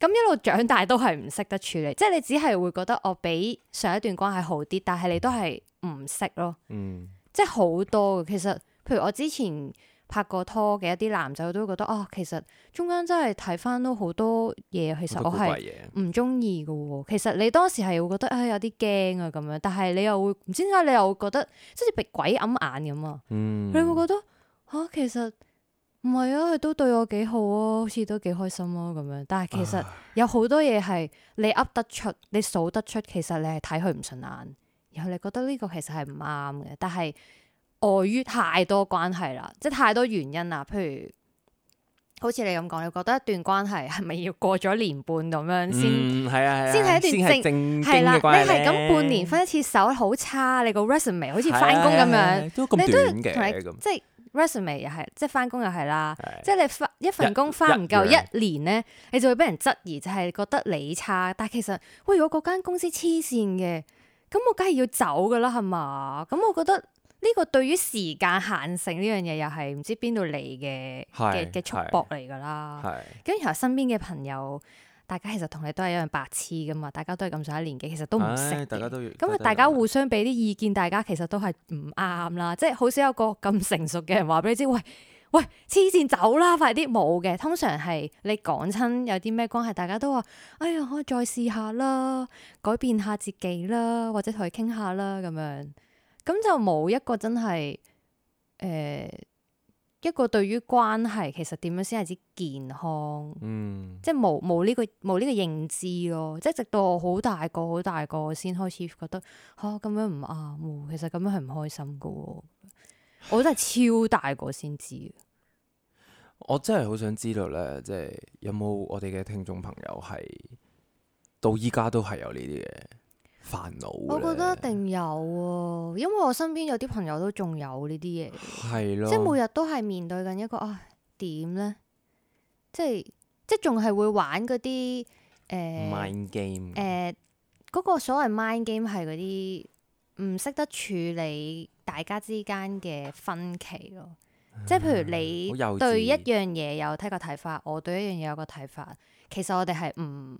咁一路長大都係唔識得處理，即係你只係會覺得我比上一段關係好啲，但係你都係唔識咯。嗯，即係好多嘅，其實譬如我之前。拍過拖嘅一啲男仔都會覺得啊，其實中間真係睇翻都好多嘢，其實我係唔中意嘅。其實你當時係會覺得、哎、啊，有啲驚啊咁樣，但係你又會唔知點解你又會覺得即係被鬼揞眼咁啊。嗯、你會覺得嚇、啊，其實唔係啊，佢都對我幾好啊，好似都幾開心啊咁樣。但係其實有好多嘢係你噏得出，你數得出，其實你係睇佢唔順眼，然後你覺得呢個其實係唔啱嘅，但係。礙於太多關係啦，即係太多原因啦。譬如，好似你咁講，你覺得一段關係係咪要過咗年半咁樣先？先係、嗯啊、一段正正正嘅關係、啊、你係咁半年分一次手，好差。你個 resume 好似翻工，咁樣，啊啊啊、都咁短嘅，即係 resume 又係，即係翻工又係啦。即係、啊、你翻一份工翻唔夠一年咧，你就會俾人質疑，就係、是、覺得你差。但係其實，喂，如果嗰間公司黐線嘅，咁我梗係要走噶啦，係嘛？咁我覺得。呢個對於時間限性呢樣嘢，又係唔知邊度嚟嘅嘅嘅束縛嚟噶啦，咁然後身邊嘅朋友，大家其實同你都係一樣白痴噶嘛，大家都係咁上下年紀，其實都唔識嘅。咁啊、哎，大家，大家互相俾啲意見，大家其實都係唔啱啦，哎哎哎、即係好少有個咁成熟嘅人話俾你知，喂喂，黐線走啦，快啲冇嘅。通常係你講親有啲咩關係，大家都話，哎呀，我再試下啦，改變下自己啦，或者同佢傾下啦，咁樣。咁就冇一個真係誒、呃、一個對於關係其實點樣先係之健康，嗯，即，即係冇冇呢個冇呢個認知咯，即係直到我好大個好大個，我先開始覺得吓咁、啊、樣唔啱喎，其實咁樣係唔開心噶喎，我真係超大個先知 我真係好想知道咧，即、就、係、是、有冇我哋嘅聽眾朋友係到依家都係有呢啲嘢？煩惱，我覺得一定有喎、啊，因為我身邊有啲朋友都仲有呢啲嘢，是咯 即係每日都係面對緊一個啊點呢？即係即係仲係會玩嗰啲誒 m 嗰個所謂 mind game 係嗰啲唔識得處理大家之間嘅分歧咯，嗯、即係譬如你對一樣嘢有睇個睇法，我對一樣嘢有個睇法，其實我哋係唔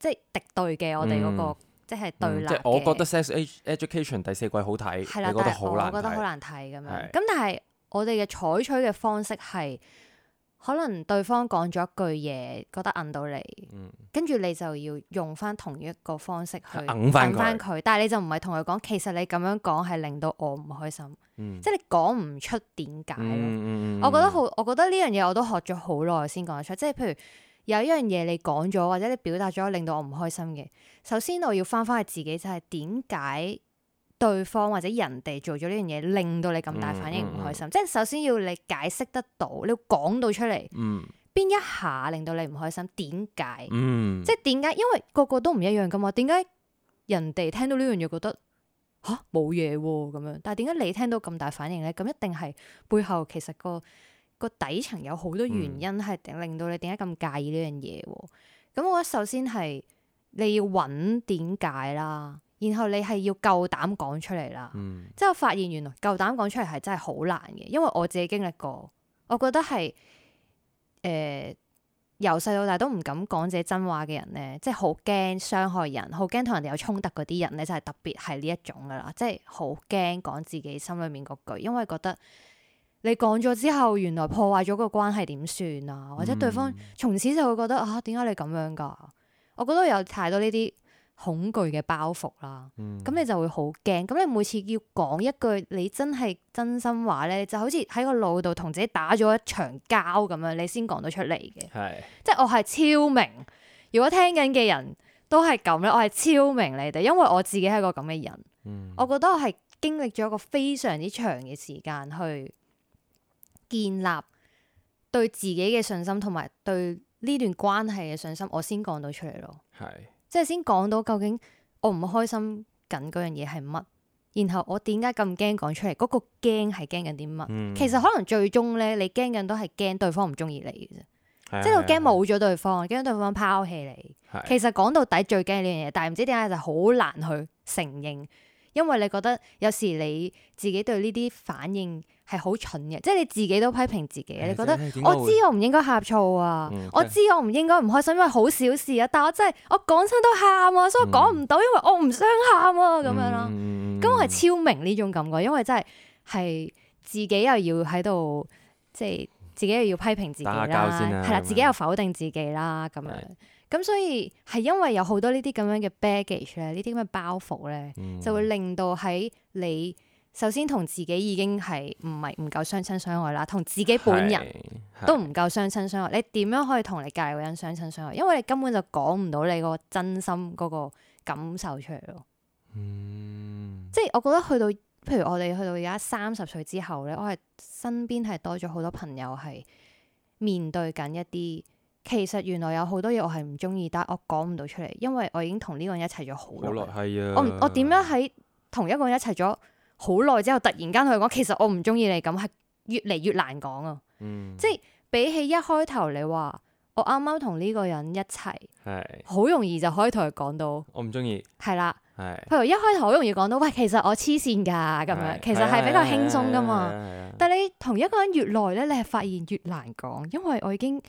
即係敵對嘅，我哋嗰個、嗯。即係對立、嗯、即係我覺得 Sex Education 第四季好睇，的你覺得好難睇？我覺得好難睇咁樣。咁是的 但係我哋嘅採取嘅方式係，可能對方講咗一句嘢，覺得硬到你，跟住、嗯、你就要用翻同一個方式去硬翻佢。但係你就唔係同佢講，其實你咁樣講係令到我唔開心。嗯、即係你講唔出點解。嗯，嗯我覺得好，我覺得呢樣嘢我都學咗好耐先講得出。即係譬如。有一樣嘢，你講咗，或者你表達咗，令到我唔開心嘅。首先我要翻翻去自己，就係點解對方或者人哋做咗呢樣嘢，令到你咁大反應唔開心？嗯嗯、即係首先要你解釋得到，你要講到出嚟，邊、嗯、一下令到你唔開心？點解？嗯、即係點解？因為個個都唔一樣噶嘛。點解人哋聽到呢樣嘢覺得吓冇嘢咁樣？但係點解你聽到咁大反應咧？咁一定係背後其實個。個底層有好多原因係令到你點解咁介意呢樣嘢喎？咁、嗯、我覺得首先係你要揾點解啦，然後你係要夠膽講出嚟啦。嗯、即係我發現原來夠膽講出嚟係真係好難嘅，因為我自己經歷過，我覺得係誒由細到大都唔敢講自己真話嘅人呢，即係好驚傷害人，好驚同人哋有衝突嗰啲人呢，就係、係、特別係呢一種噶啦，即係好驚講自己心裏面嗰句，因為覺得。你講咗之後，原來破壞咗個關係點算啊？或者對方從此就會覺得、嗯、啊，點解你咁樣噶？我覺得有太多呢啲恐懼嘅包袱啦。咁、嗯、你就會好驚。咁你每次要講一句你真係真心話咧，就好似喺個腦度同自己打咗一場交咁樣，你先講得出嚟嘅。係是 即係我係超明，如果聽緊嘅人都係咁咧，我係超明你哋，因為我自己係個咁嘅人。嗯、我覺得我係經歷咗一個非常之長嘅時間去。建立對自己嘅信心同埋對呢段關係嘅信心，我先講到出嚟咯。係是，即係先講到究竟我唔開心緊嗰樣嘢係乜，然後我點解咁驚講出嚟？嗰個驚係驚緊啲乜？嗯、其實可能最終咧，你驚緊都係驚對方唔中意你嘅啫，的即係我驚冇咗對方，驚的對方拋棄你。的其實講到底最驚呢樣嘢，但係唔知點解就好難去承認，因為你覺得有時你自己對呢啲反應，係好蠢嘅，即係你自己都批評自己，你覺得我知我唔應該呷醋啊，我知我唔應該唔開心，因為好小事啊，但我真係我講親都喊啊，所以我講唔到，因為我唔想喊啊咁樣囉。咁我係超明呢種感覺，因為真係係自己又要喺度，即係自己又要批評自己啦，係啦，自己又否定自己啦咁樣。咁所以係因為有好多呢啲咁樣嘅 baggage 咧，呢啲咁嘅包袱咧，就會令到喺你。首先同自己已經係唔係唔夠相親相愛啦，同自己本人都唔夠相親相愛。你點樣可以同你隔離嗰人相親相愛？因為你根本就講唔到你個真心嗰個感受出嚟咯。嗯、即係我覺得去到，譬如我哋去到而家三十歲之後咧，我係身邊係多咗好多朋友係面對緊一啲，其實原來有好多嘢我係唔中意，但係我講唔到出嚟，因為我已經同呢個人一齊咗好耐我我點樣喺同一個人一齊咗好耐之後，突然間同佢講，其實我唔中意你咁，係越嚟越難講啊！嗯、即係比起一開頭你話我啱啱同呢個人一齊，好是容易就可以同佢講到我唔中意。係啦，譬如是一開頭好容易講到喂，其實我黐線㗎咁樣，是其實係比較輕鬆噶嘛。但你同一個人越耐咧，你係發現越難講，因為我已經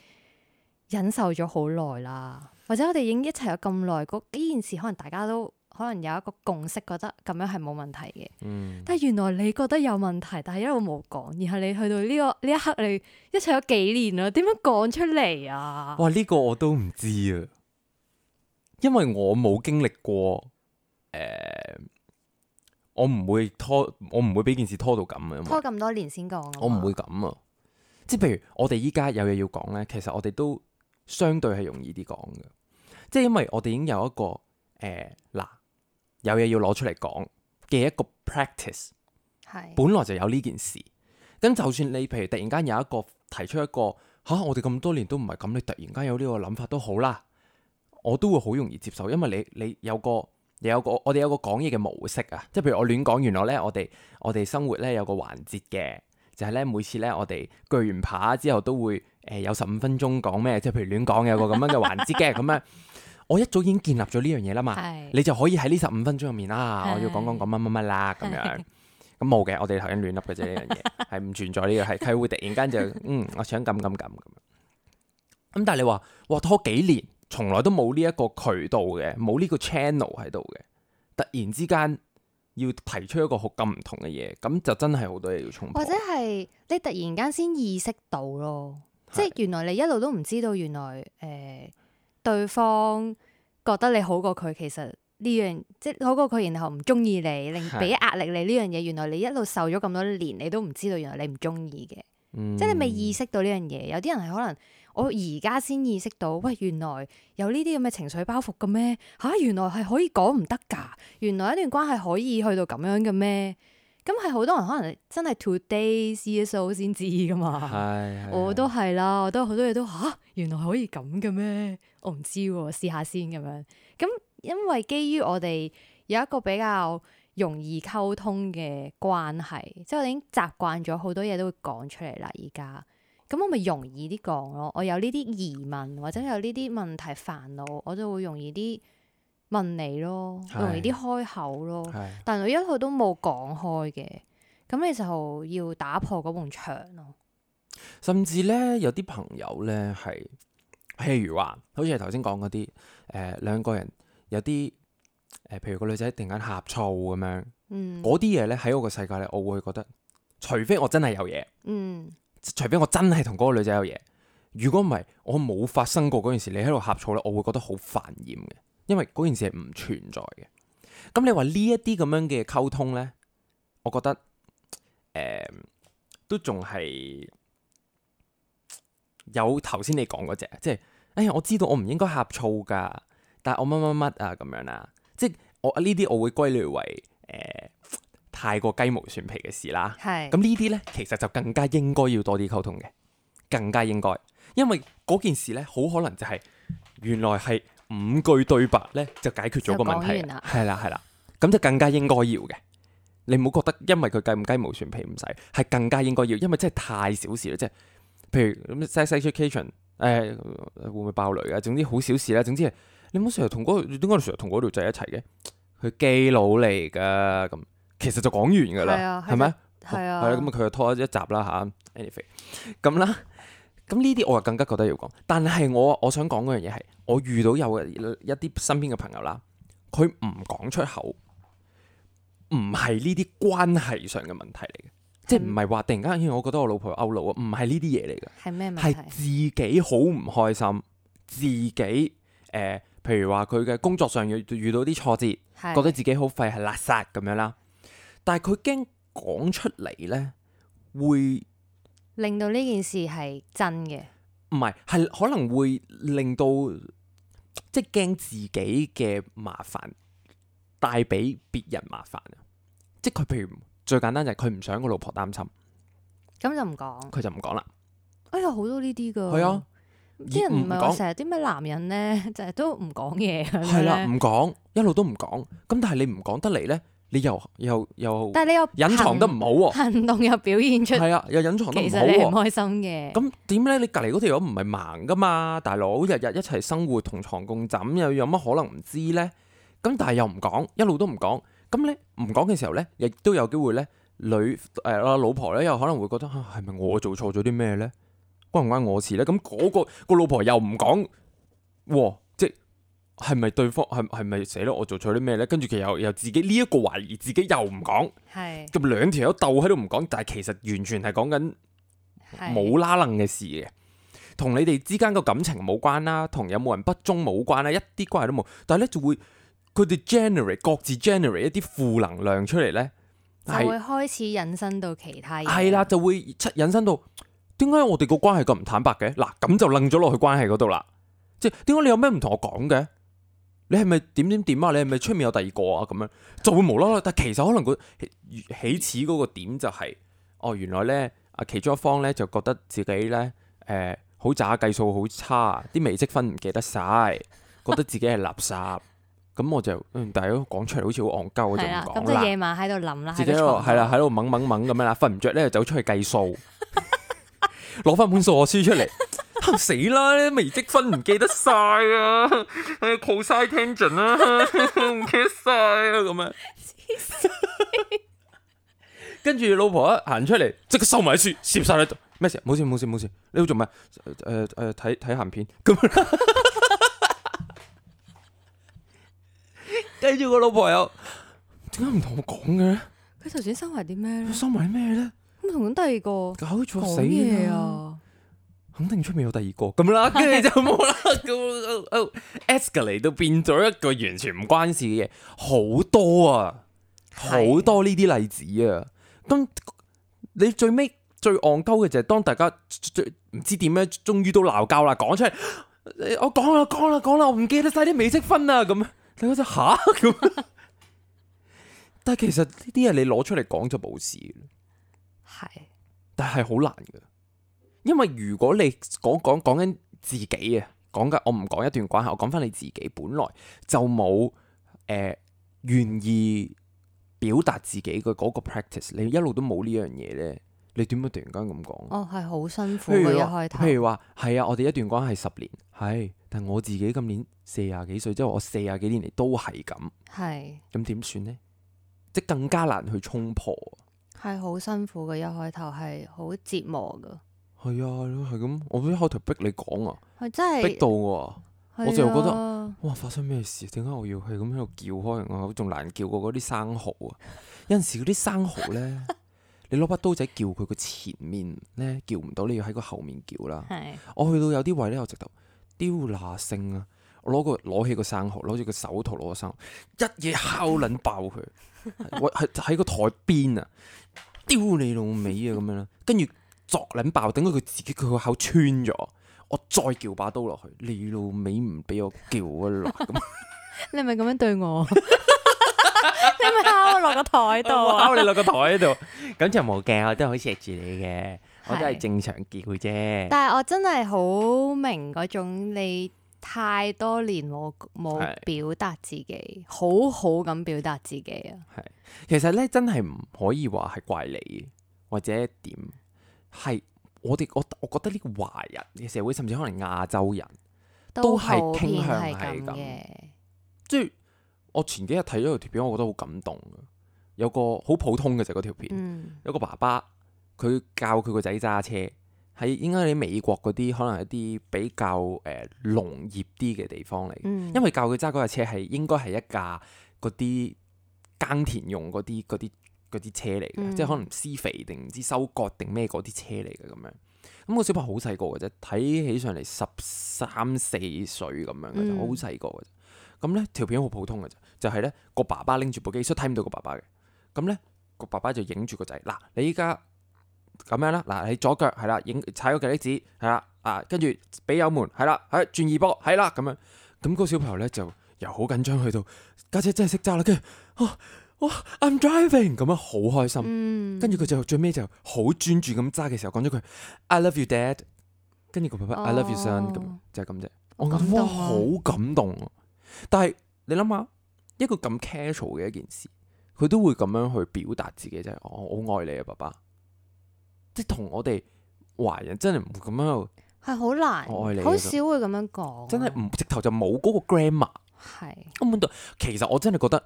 忍受咗好耐啦，或者我哋已經一齊咗咁耐，嗰件事可能大家都。可能有一個共識，覺得咁樣係冇問題嘅。嗯、但係原來你覺得有問題，但係一路冇講，然後你去到呢、呢個呢一刻，你一齊咗幾年啦，點樣講出嚟啊？哇！呢、呢個我都唔知啊，因為我冇經歷過。誒、呃，我唔會拖，我唔會俾件事拖到咁啊！拖咁多年先講，我唔會咁啊！即係譬如我哋依家有嘢要講咧，其實我哋都相對係容易啲講嘅，即係因為我哋已經有一個誒嗱。呃有嘢要攞出嚟講嘅一個 practice，是本來就有呢件事。咁就算你譬如突然間有一個提出一個嚇、啊，我哋咁多年都唔係咁，你突然間有呢個諗法都好啦，我都會好容易接受，因為你你有個你有個我哋有個講嘢嘅模式啊，即係譬如我亂講，原來呢我哋我哋生活呢有個環節嘅，就係、是、呢每次呢我哋鋸完扒之後都會誒有十五分鐘講咩，即係譬如亂講有個咁樣嘅環節嘅咁樣。 我一早已經建立咗呢樣嘢啦嘛，是你就可以喺呢十五分鐘入面是啊，我要講講講乜乜乜啦咁是樣，咁冇嘅，我哋頭先亂噏嘅啫呢樣嘢，係唔存在呢個係，佢會突然間就嗯，我想咁咁咁咁但係你話，哇拖幾年，從來都冇呢一個渠道嘅，冇呢個 channel 喺度嘅，突然之間要提出一個好咁唔同嘅嘢，咁就真係好多嘢要重。或者係你突然間先意識到咯，是即係原來你一路都唔知道，原來誒。呃對方覺得你好過佢，其實呢樣即係好過佢，然後唔中意你，令俾壓力你呢樣嘢。原來你一路受咗咁多年，你都唔知道，原來你唔中意嘅。嗯、即係你未意識到呢樣嘢。有啲人係可能我而家先意識到，喂，原來有呢啲咁嘅情緒包袱嘅咩？嚇、啊，原來係可以講唔得噶。原來一段關係可以去到咁樣嘅咩？咁係好多人可能真係 today，see，you 先知噶嘛。唉唉唉我都係啦，我都好多嘢都嚇、啊，原來係可以咁嘅咩？我唔知喎，試下先咁樣。咁因為基於我哋有一個比較容易溝通嘅關係，即係我哋已經習慣咗好多嘢都會講出嚟啦。而家咁我咪容易啲講咯。我有呢啲疑問或者有呢啲問題煩惱，我都會容易啲問你咯，是容易啲開口咯。是但係我一路都冇講開嘅，咁你就要打破嗰埲牆咯。甚至呢，有啲朋友呢係。譬如話，好似頭先講嗰啲，誒、呃，兩個人有啲，誒、呃，譬如個女仔突然間呷醋咁樣，嗰啲嘢咧喺我個世界裏，我會覺得，除非我真係有嘢，嗯、除非我真係同嗰個女仔有嘢，如果唔係，我冇發生過嗰件事，你喺度呷醋咧，我會覺得好煩厭嘅，因為嗰件事係唔存在嘅。咁你話呢一啲咁樣嘅溝通咧，我覺得，誒、呃，都仲係。有頭先你講嗰隻，即係，哎呀，我知道我唔應該呷醋㗎，但係我乜乜乜啊咁樣啦，即係我呢啲我會歸類為誒、呃、太過雞毛蒜皮嘅事啦。係，咁呢啲呢，其實就更加應該要多啲溝通嘅，更加應該，因為嗰件事呢，好可能就係、是、原來係五句對白呢，就解決咗個問題，係啦係啦，咁就更加應該要嘅。你唔好覺得因為佢計唔雞毛蒜皮唔使，係更加應該要，因為真係太小事啦，即係。譬如咁 sex education，誒會唔會爆雷啊？總之好小事啦，總之你冇成日同嗰個，成日同嗰條仔一齊嘅，佢基佬嚟噶咁，其實就講完噶啦，係咪？係啊，係咁佢就拖一集啦嚇，啊，anyway，咁啦，咁呢啲我就更加覺得要講，但係我我想講嗰樣嘢係，我遇到有一啲身邊嘅朋友啦，佢唔講出口，唔係呢啲關係上嘅問題嚟嘅。即係唔係話突然間，我覺得我老婆勾佬啊，唔係呢啲嘢嚟嘅。係咩問題？係自己好唔開心，自己誒、呃，譬如話佢嘅工作上遇到啲挫折，是覺得自己好廢，係垃圾咁樣啦。但係佢驚講出嚟呢，會令到呢件事係真嘅。唔係，係可能會令到即係驚自己嘅麻煩帶俾別人麻煩，即係佢譬如。最簡單就係佢唔想個老婆擔心，咁就唔講，佢就唔講啦。哎呀，好多呢啲噶，啲、啊、人唔係講成日啲咩男人咧，就 係都唔講嘢嘅，係啦、啊，唔講一路都唔講。咁但係你唔講得嚟咧，你又又又，又但係你又隱藏得唔好喎、啊，行動又表現出係啊，又隱藏得唔好喎、啊，唔開心嘅。咁點咧？你隔離嗰條友唔係盲噶嘛，大佬日日一齊生活同床共枕，又有乜可能唔知咧？咁但係又唔講，一路都唔講。咁咧唔講嘅時候咧，亦都有機會咧，女誒啦、呃、老婆咧，又可能會覺得吓係咪我做錯咗啲咩咧？關唔關我事咧？咁、嗰、嗰個、嗰個嗰個老婆又唔講，即係咪對方係係咪死咯？我做錯啲咩咧？跟住其實又自己呢一、這個懷疑，自己又唔講，咁是兩條友鬥喺度唔講，但係其實完全係講緊冇拉楞嘅事嘅，同是你哋之間個感情冇關啦，同有冇人不忠冇關啦，一啲關係都冇，但係咧就會。佢哋 generate 各自 generate 一啲負能量出嚟咧，就會開始引申到其他嘢。係啦，就會出引申到點解我哋個關係咁唔坦白嘅？嗱，咁就擰咗落去關係嗰度啦。即係點解你有咩唔同我講嘅？你係咪點點點啊？你係咪出面有第二個啊？咁樣就會無啦啦。但其實可能佢起始嗰個點就係、是、哦，原來咧啊，其中一方咧就覺得自己咧誒好渣，計、呃、數好差，啲微積分唔記得晒，覺得自己係垃圾。 咁我就嗯，大家都講出嚟好似好戇鳩，我就咁啦。咁就夜晚喺度諗啦，自己係啦，喺度掹掹掹咁樣啦，瞓唔着咧，就走出去計數，攞翻本數學書出嚟，死啦！微積分唔記得晒啊，係 p r o s i 唔記得晒啊！咁樣。跟住老婆一行出嚟，即刻收埋啲書，攝晒喺度。咩事？冇事冇事冇事。你要做咩？誒誒，睇睇鹹片咁。跟住個老婆又點解唔同我講嘅咧？佢頭先收埋啲咩咧？收埋咩咧？咁同緊第二個搞錯死嘢啊！肯定出面有第二個咁啦，跟住 就冇啦。咁 s 啊，escalate 嚟都變咗一個完全唔關事嘅嘢，好多啊，好的多呢啲例子啊。咁你最尾最戇鳩嘅就係當大家最唔知點樣，終於都鬧交啦，講出嚟，我講啦，講啦，講啦，我唔記得晒啲未結分啊咁。你嗰隻吓咁， 但係其實呢啲嘢你攞出嚟講就冇事嘅，係，是但係好難噶，因為如果你講講講緊自己啊，講緊我唔講一段關係，我講翻你自己本來就冇誒願意表達自己嘅嗰個 practice，你一路都冇呢樣嘢呢。你點解突然間咁講？哦，係好辛苦。譬如話，係啊，我哋一段關係十年係，但我自己今年四廿幾歲，即、就、係、是、我四廿幾年嚟都係咁。係是。咁點算呢？即更加難去衝破。係好辛苦嘅一開頭，係好折磨嘅。係啊，如果係咁，我一開頭逼你講啊，係、啊、真係逼到我啊！啊我就覺得哇，發生咩事？點解我要係咁喺度叫開？我仲難叫過嗰啲生蠔啊！ 有陣時嗰啲生蠔呢。 你攞把刀仔撬佢個前面咧，叫唔到，你要喺個後面叫啦。是我去到有啲位咧，我直頭丟拿性啊！我攞個攞起個生蠔，攞住個手套攞個生蠔，一嘢敲捻爆佢。我喺喺個台邊啊，丟你老味啊咁樣，跟住作捻爆，頂到佢自己佢個口穿咗。我再叫把刀落去，你老味唔俾我叫啊！咁 你係咪咁樣對我？ 我我你咪踎落個台度，踎你落個台喺度，咁就冇教，都係錫住你嘅，我都係正常叫啫。 但係我真係好明嗰種，你太多年冇冇表達自己，的好好咁表達自己啊！係，其實咧真係唔可以話係怪你或者點，係我哋我我覺得呢個華人嘅社會，甚至可能亞洲人都係傾向係咁，即我前幾日睇咗條片，我覺得好感動。有個好普通嘅就係嗰條片， 有個爸爸佢教佢個仔揸車。喺應該喺美國嗰啲可能一啲比較誒、呃、農業啲嘅地方嚟，因為教佢揸嗰架車係應該係一架嗰啲耕田用嗰啲啲啲車嚟嘅， 即係可能施肥定唔知收割定咩嗰啲車嚟嘅咁樣。咁個小朋友好細個嘅啫，睇起上嚟十三四歲咁樣嘅，好細個嘅。 咁咧條片好普通嘅啫，就係咧個爸爸拎住部機，所以睇唔到個爸爸嘅。咁咧個爸爸就影住個仔。嗱，你依家咁樣啦，嗱，你左腳係啦，影踩個吉利子係啦，啊，跟住俾友門係啦，係轉二波係啦，咁、啊、樣。咁嗰、那個小朋友咧就又好緊張，去到家姐,姐真係識揸啦，跟住哇哇，I'm driving，咁樣好開心。跟住佢就最尾就好專注咁揸嘅時候，講咗句 I love you, dad。跟住個爸爸 I love you, son、哦。咁就係咁啫。我覺得好感動。但係你諗下，一個咁 casual 嘅一件事，佢都會咁樣去表達自己，真係我好愛你啊，爸爸，即係同我哋華人真係唔會咁樣。係好難，好愛你少會咁樣講。真係唔直頭就冇嗰個 grammar。係是根本就其實我真係覺得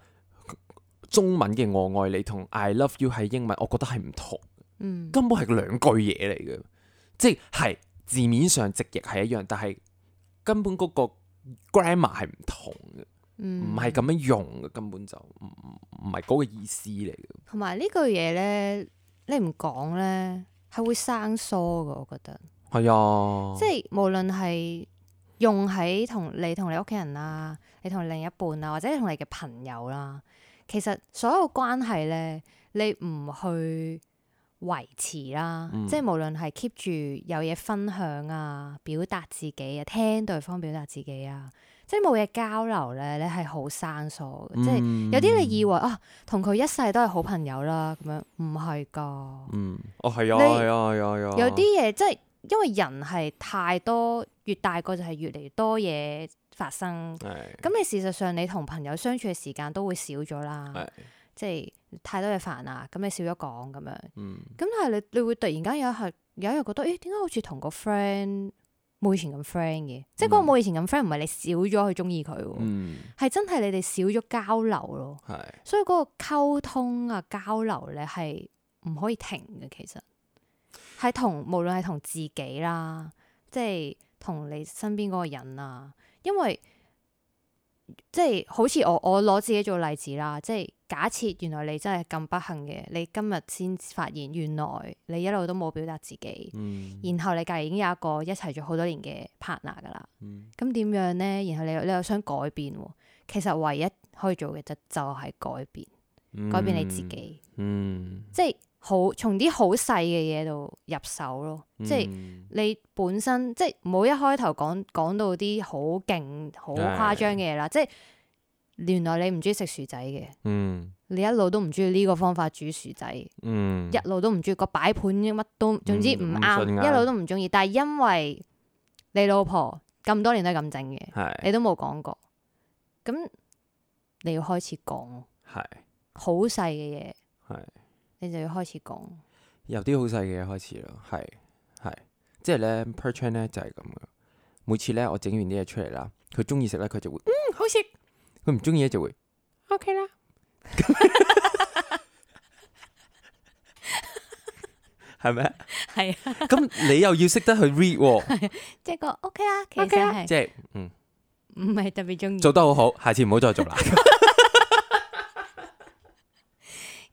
中文嘅我愛你同 I love you 係英文，我覺得係唔同，根本係兩句嘢嚟嘅。嗯、即係字面上直譯係一樣，但係根本嗰、嗰個。Grammar 係唔同嘅，唔係咁樣用嘅，根本就唔唔係嗰個意思嚟嘅。同埋呢句嘢咧，你唔講咧，係會生疏嘅。我覺得係、哎、呀啊，即係無論係用喺同你同你屋企人啦，你同另一半啊，或者你同你嘅朋友啦、啊，其實所有關係咧，你唔去維持啦，即係無論係 keep 住有嘢分享啊，表達自己啊，聽對方表達自己啊，即係冇嘢交流咧，你係好生疏。嗯、即係有啲你以為啊，同佢一世都係好朋友啦、啊，咁樣唔係㗎。哦係啊，係你啊，啊啊啊有有啲嘢即係因為人係太多，越大個就係越嚟越多嘢發生。係的。咁你事實上你同朋友相處嘅時間都會少咗啦。的即係太多嘢煩啦，咁、嗯、你少咗講咁樣，咁但係你你會突然間有一有一日覺得，咦、欸，點解好似同個 friend 冇以前咁 friend 嘅？嗯、即係嗰個冇以前咁 friend，唔係你少咗去中意佢，係、嗯、真係你哋少咗交流咯。嗯、所以嗰個溝通啊交流咧係唔可以停嘅，其實係同無論係同自己啦，即係同你身邊嗰個人啊，因為。即係好似我我攞自己做例子啦，即係假設原來你真係咁不幸嘅，你今日先發現原來你一路都冇表達自己，嗯、然後你隔籬已經有一個一齊咗好多年嘅 partner 噶啦，咁點、嗯、樣呢？然後你又你又想改變、哦，其實唯一可以做嘅就就係改變，改變你自己，嗯嗯、即係。好，從啲好細嘅嘢度入手咯，即係你本身，即係冇一開頭講講到啲好勁、好誇張嘅嘢啦。即係原來你唔中意食薯仔嘅，你一路都唔中意呢個方法煮薯仔，一路都唔中意個擺盤乜都，總之唔啱，一路都唔中意。但係因為你老婆咁多年都係咁整嘅，你都冇講過，咁你要開始講咯，係好細嘅嘢，你就要開始講，由啲好細嘅嘢開始咯，係係，即係咧 Perchan 咧就係咁嘅，每次咧我整完啲嘢出嚟啦，佢中意食咧佢就會，嗯，好食，佢唔中意咧就會，OK 啦，係咩？係啊，咁你又要識得去 read，、啊、 即係個 OK 啊，其實係，即係，嗯，唔係特別中意，做得好好，下次唔好再做啦。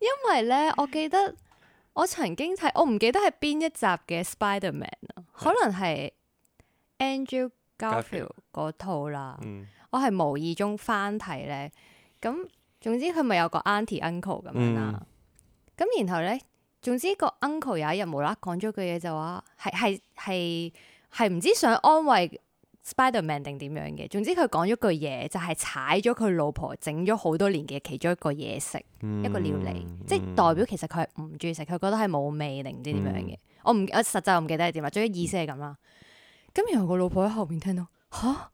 因為咧，我記得我曾經睇，我唔記得係邊一集嘅 Spider-Man 啊，Man, 可能係 Andrew Garfield 嗰套啦。嗯、我係無意中翻睇咧，咁總之佢咪有個 Auntie Uncle 咁樣啦。咁然後咧，總之個 ie, Uncle、嗯、之個 Un 有一日無啦講咗句嘢就話，係係係係唔知想安慰。Spiderman 定點樣嘅，總之佢講咗句嘢，就係、是、踩咗佢老婆整咗好多年嘅其中一個嘢食，一個料理，嗯嗯、即係代表其實佢係唔中意食，佢覺得係冇味定唔知點樣嘅。嗯、我唔，我實際我唔記得係點啊，總之意思係咁啦。咁、嗯、然後個老婆喺後邊聽到，吓、啊，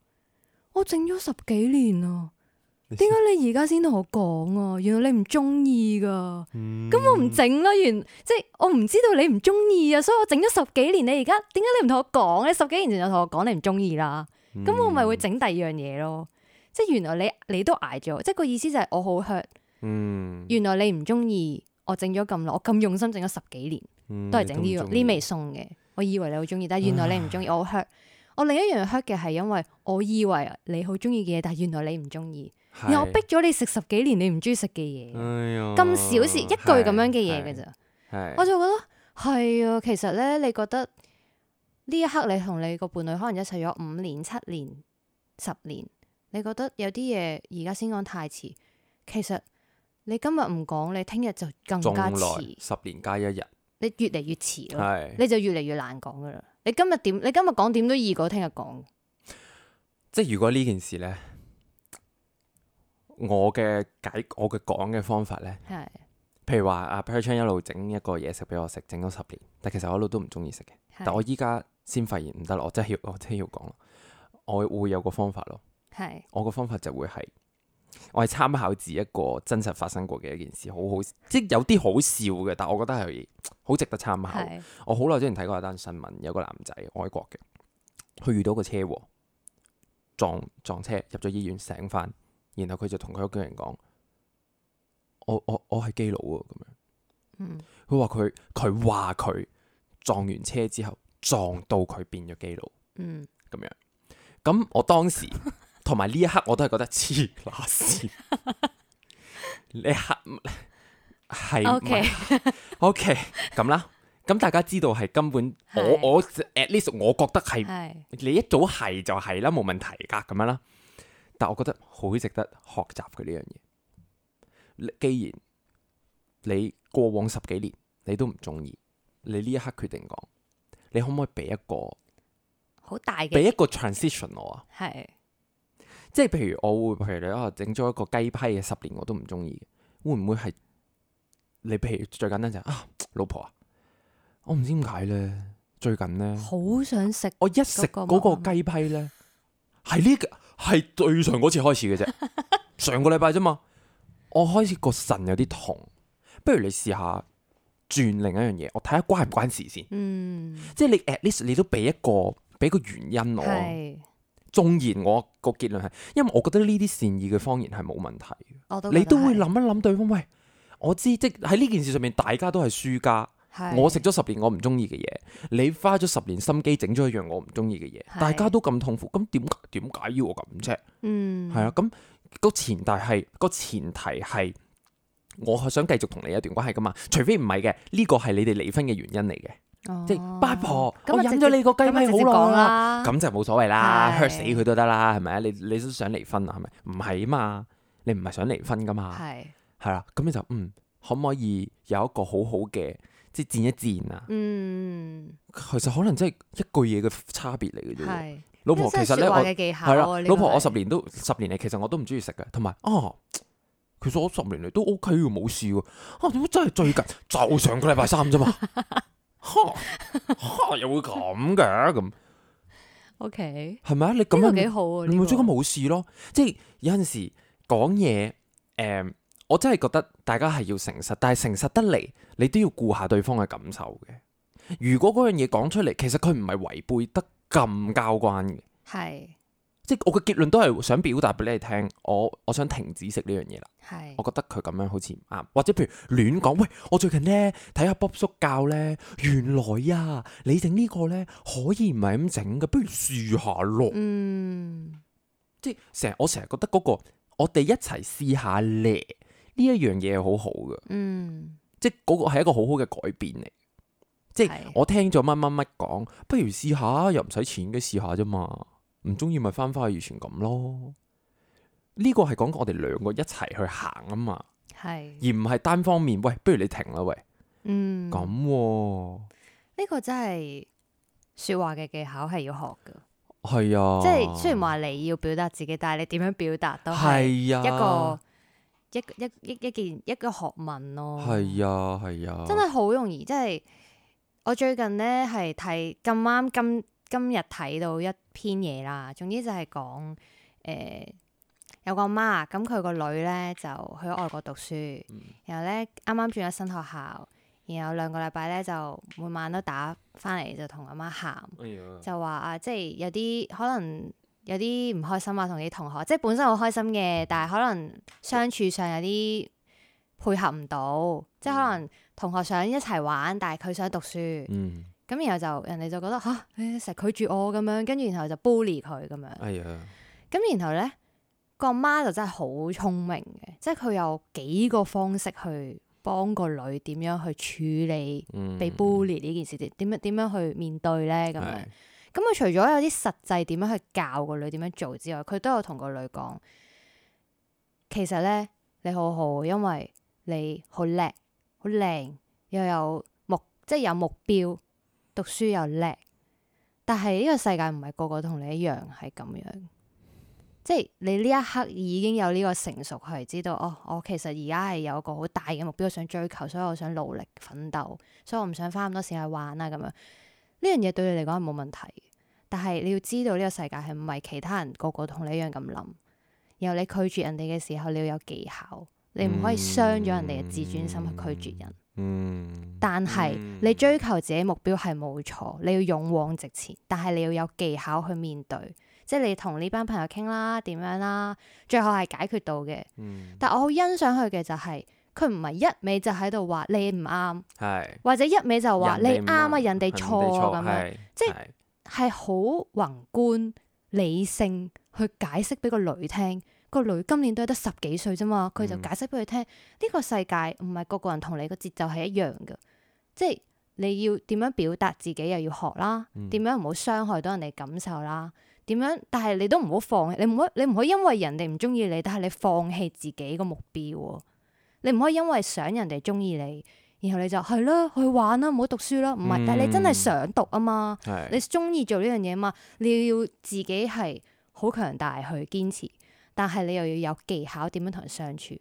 我整咗十幾年啊！點解你而家先同我講啊？原來你唔中意噶，咁、嗯、我唔整啦。原即係、就是、我唔知道你唔中意啊，所以我整咗十幾年。你而家點解你唔同我講咧、啊？你十幾年前就同我講你唔中意啦。咁、嗯、我咪會整第二樣嘢咯。即係原來你你都挨咗，即係個意思就係我好 hurt。原來你唔中意我整咗咁耐，我咁用心整咗十幾年，嗯、都係整呢個呢味餸嘅。我以為你好中意，但係原來你唔中意。唉 我好 hurt，我另一樣 hurt 嘅係因為我以為你好中意嘅嘢，但係原來你唔中意。然後我逼咗你食十幾年你唔中意食嘅嘢，咁、哎、呦小事是一句咁樣嘅嘢嘅咋，我就覺得係啊。其實呢，你覺得呢一刻你同你個伴侶可能一齊咗五年、七年、十年，你覺得有啲嘢而家先講太遲。其實你今日唔講，你聽日就更加遲。十年加一日，你越嚟越遲咯，是你就越嚟越難講噶啦。你今日點？你今日講點都易過聽日講。即係如果呢件事呢。我嘅解，我嘅講嘅方法呢，的譬如話阿 Perchan 一路整一個嘢食俾我食，整咗十年，但其實我一路都唔中意食嘅。的但我依家先發現唔得咯，我真係要，我真係要講，我會有個方法咯。的我個方法就會係，我係參考自一個真實發生過嘅一件事，好好，即有啲好笑嘅，但我覺得係好值得參考。的我好耐之前睇過一單新聞，有個男仔，外國嘅，佢遇到個車禍，撞撞車入咗醫院醒翻。然後佢就同佢屋企人講：我我我係基佬啊！咁樣，嗯，佢話佢佢話佢撞完車之後撞到佢變咗基佬，嗯，咁樣。咁我當時同埋呢一刻我都係覺得黐孖線，你係係唔？O K O K 咁啦，咁大家知道係根本我我 at least 我覺得係你一早係就係啦，冇問題㗎，咁樣啦。但我覺得好值得學習嘅呢樣嘢。既然你過往十幾年你都唔中意，你呢一刻決定講，你可唔可以俾一個好大嘅俾一個 transition 我啊？係的，即係譬如我會譬如你啊，整咗一個雞批嘅十年我都唔中意，會唔會係你譬如最簡單就啊老婆啊，我唔知點解咧，最近咧好想食，我一食嗰個雞批咧係呢個。係最長嗰次開始嘅啫， 上個禮拜啫嘛，我開始個腎有啲痛，不如你試下轉另一樣嘢，我睇下關唔關事先。嗯，即係你 at least 你都俾一個俾個原因我。係縱是然我個結論係，因為我覺得呢啲善意嘅謊言係冇問題。你都會諗一諗對方，喂，我知即喺呢件事上面，大家都係輸家。是我食咗十年我唔中意嘅嘢，你花咗十年心機整咗一樣我唔中意嘅嘢，是大家都咁痛苦，咁點點解要我咁啫？嗯，係啊，咁、個前提係、個前提係，我想繼續同你一段關係噶嘛，除非唔係嘅，呢個係你哋離婚嘅原因嚟嘅。哦、即係八婆，嗯、我飲咗你個雞尾好耐啦，咁、嗯、就冇所謂啦 hurt 死佢都得啦，係咪啊？你你都想離婚啊？係咪？唔係啊嘛，你唔係想離婚噶嘛？係啊。啦，咁你就嗯可唔、嗯嗯嗯嗯、可以有一個好好嘅？即係戰一戰啊！嗯，其實可能真係一句嘢嘅差別嚟嘅啫。係是老婆，其實咧、啊、我係啦，老婆我十年都十年嚟，其實我都唔中意食嘅。同埋啊，其實我十年嚟都 OK 冇事嘅。啊，點解真係最近 就上個禮拜三啫嘛、 啊？又會咁嘅咁？OK，係咪啊？你咁樣幾好啊？這個 你冇最近冇事咯。即係有陣時講嘢誒。嗯嗯我真係覺得大家係要誠實，但係誠實得嚟，你都要顧下對方嘅感受嘅。如果嗰樣嘢講出嚟，其實佢唔係違背得咁交關嘅，係是即係我嘅結論都係想表達俾你聽，我我想停止食呢樣嘢啦。係是我覺得佢咁樣好似唔啱，或者譬如亂講，喂，我最近呢睇下 Bob 叔教呢，原來呀、啊，你整呢個呢可以唔係咁整嘅，不如試下咯。嗯，即成日我成日覺得嗰、嗰個我哋一齊試一下咧。呢一樣嘢好好嘅，嗯，即係嗰、那個係一個好好嘅改變嚟，嗯、即係我聽咗乜乜乜講，不如試下，又唔使錢嘅試下啫嘛，唔中意咪翻翻去以前咁咯。呢、這個係講緊我哋兩個一齊去行啊嘛，係、嗯，而唔係單方面。喂，不如你停啦。喂，嗯，咁呢、啊、個真係説話嘅技巧係要學㗎，係、嗯、啊，即係雖然話你要表達自己，但係你點樣表達都係一個、嗯。嗯嗯一一一一件一個學問咯，係啊係啊，真係好容易，真係我最近咧係睇咁啱今今日睇到一篇嘢啦，總之就係講誒有個媽咁佢個女咧就去外國讀書，嗯、然後咧啱啱轉咗新學校，然後兩個禮拜咧就每晚都打返嚟就同阿媽喊，哎、呀就話啊即係有啲可能，有啲唔開心啊，同啲同學，即係本身好開心嘅，但係可能相處上有啲配合唔到，嗯、即係可能同學想一齊玩，但係佢想讀書，咁、嗯、然後就人哋就覺得吓，成、啊、日、哎、拒絕我咁樣，跟住然後就 bully 佢咁樣。咁然後呢，個媽、哎、呀 就真係好聰明嘅，即係佢有幾個方式去幫個女點樣去處理被 bully 呢件事，點點、嗯、樣點樣去面對呢？咁樣。咁佢、嗯、除咗有啲實際點樣去教個女點樣做之外，佢都有同個女講。其實咧，你好好，因為你好叻、好靚，又有目，即係有目標讀書又叻。但係呢個世界唔係個個同你一樣，係咁樣。即係你呢一刻已經有呢個成熟，係知道哦，我其實而家係有個好大嘅目標想追求，所以我想努力奮鬥，所以我唔想花咁多時間去玩啊咁樣。呢樣嘢對你嚟講，係冇問題。但係你要知道呢個世界係唔係其他人個個同你一樣咁諗，然後你拒絕人哋嘅時候，你要有技巧，你唔可以傷咗人哋嘅自尊心去拒絕人。但係你追求自己目標係冇錯，你要勇往直前，但係你要有技巧去面對，即係你同呢班朋友傾啦，點樣啦，最後係解決到嘅。嗯，但我好欣賞佢嘅就係佢唔係一味就喺度話你唔啱，是或者一味就話你啱啊，人哋錯咁樣，是是即係好宏觀理性去解釋俾個女聽，個女今年都係得十幾歲啫嘛，佢就解釋俾佢聽，呢個世界唔係個個人同你個節奏係一樣噶。即係，嗯，你要點樣表達自己又要學啦，點樣，嗯，唔好傷害到人哋感受啦，點樣？但係你都唔好放棄，你唔可以你唔可以因為人哋唔中意你，但係你放棄自己個目標，你唔可以因為想人哋中意你。然後你就係囉，去玩啦，唔好讀書啦。唔係，但係你真係想讀啊嘛，嗯、你中意做呢樣嘢嘛，是的 你要自己係好強大去堅持，但係你又要有技巧點樣同人相處。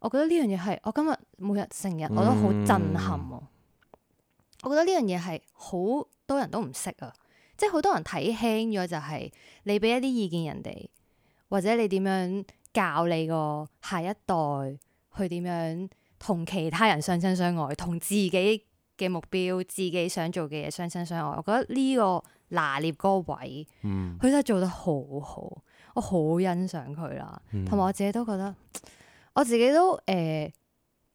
我覺得呢樣嘢係我今日每日成日我都好震撼啊！嗯、我覺得呢樣嘢係好多人都唔識啊，即係好多人睇輕咗就係你俾一啲意見人哋，或者你點樣教你個下一代去點樣。同其他人相親相愛，同自己嘅目標、自己想做嘅嘢相親相愛，我覺得呢個拿捏嗰個位，佢真係做得好好，我好欣賞佢啦。同埋、嗯、我自己都覺得，我自己都誒、呃，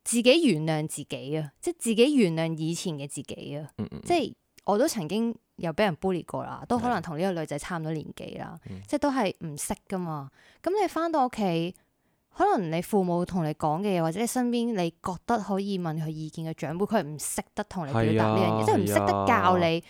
自己原諒自己啊，即係自己原諒以前嘅自己啊，嗯嗯、即係我都曾經有俾人 bully 過啦，都可能同呢個女仔差唔多年紀啦，嗯、即係都係唔識噶嘛。咁你翻到屋企。可能你父母同你講嘅嘢，或者你身邊你覺得可以問佢意見嘅長輩，佢係唔識得同你表達呢樣嘢，啊、即係唔識得教你、啊、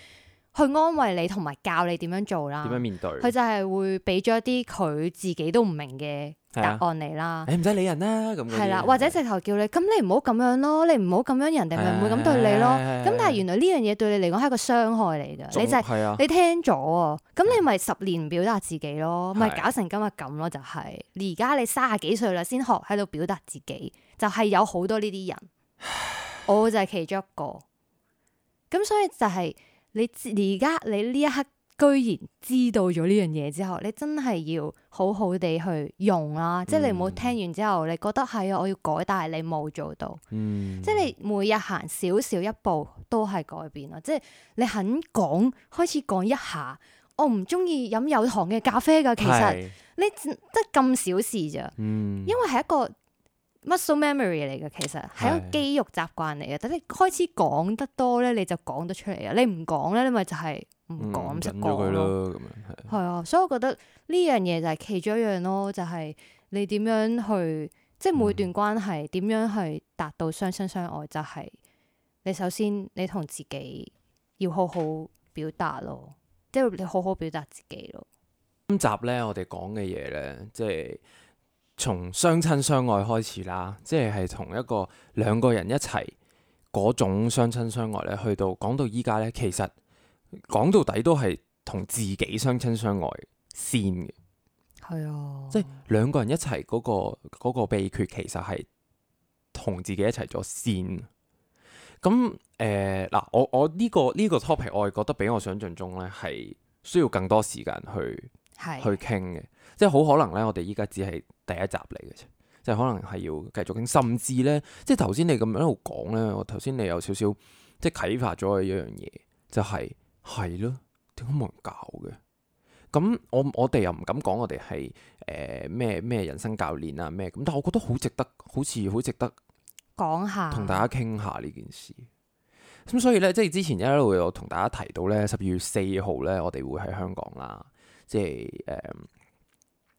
去安慰你同埋教你點樣做啦。點樣面對？佢就係會俾咗一啲佢自己都唔明嘅答案你啦，你唔使理人啦，咁係啦，的或者直頭叫你，咁你唔好咁樣咯，你唔好咁樣，人哋咪唔會咁對你咯。咁的但係原來呢樣嘢對你嚟講係一個傷害嚟噶，還你就係、的你聽咗啊，咁你咪十年唔表達自己咯，咪的搞成今日咁咯、就係，就係而家你三十幾歲啦，先學喺度表達自己，就係、係、有好多呢啲人，的我就係其中一個。咁所以就係你而家你呢一刻。居然知道咗呢樣嘢之後，你真係要好好地去用啦。嗯、即係你冇聽完之後，你覺得係啊，我要改，但係你冇做到。嗯、即係你每日行少少一步都係改變咯。即係你肯講，開始講一下，我唔中意飲有糖嘅咖啡噶。其實你得咁小事咋，是因為係一個 muscle memory 嚟噶。其實係一個肌肉習慣嚟噶。等是你開始講得多咧，你就講得出嚟啊。你唔講咧，你咪就係、是。唔講唔識講咯，咁樣係啊，所以我覺得呢樣嘢就係其中一樣咯，就係、是、你點樣去即係、就是、每段關係點樣去達到相親相愛，就係、是、你首先你同自己要好好表達咯，即、就、係、是、你好好表達自己咯。今集呢，我哋講嘅嘢呢，即係從相親相愛開始啦，即係同一個兩個人一齊嗰種相親相愛呢。去到講到依家呢，其實。講到底都係同自己相親相愛先嘅，係啊，即係兩個人一齊嗰個嗰個秘訣其實係同自己一齊咗先。咁誒嗱，我我呢個呢個 topic，我係覺得比我想象中咧係需要更多時間去是的 去傾嘅，即係好可能咧，我哋依家只係第一集嚟嘅啫，即係可能係要繼續傾。甚至咧，即係頭先你咁樣喺度講咧，我頭先你有少少即係啟發咗嘅一樣嘢，就係。係咯，點解冇人搞嘅？咁我我哋又唔敢講，我哋係誒咩咩人生教練啊咩咁。但係我覺得好值得，好似好值得講下同大家傾下呢件事。咁所以呢，即係之前一路有同大家提到呢，十二月四號呢，我哋會喺香港啦，即係誒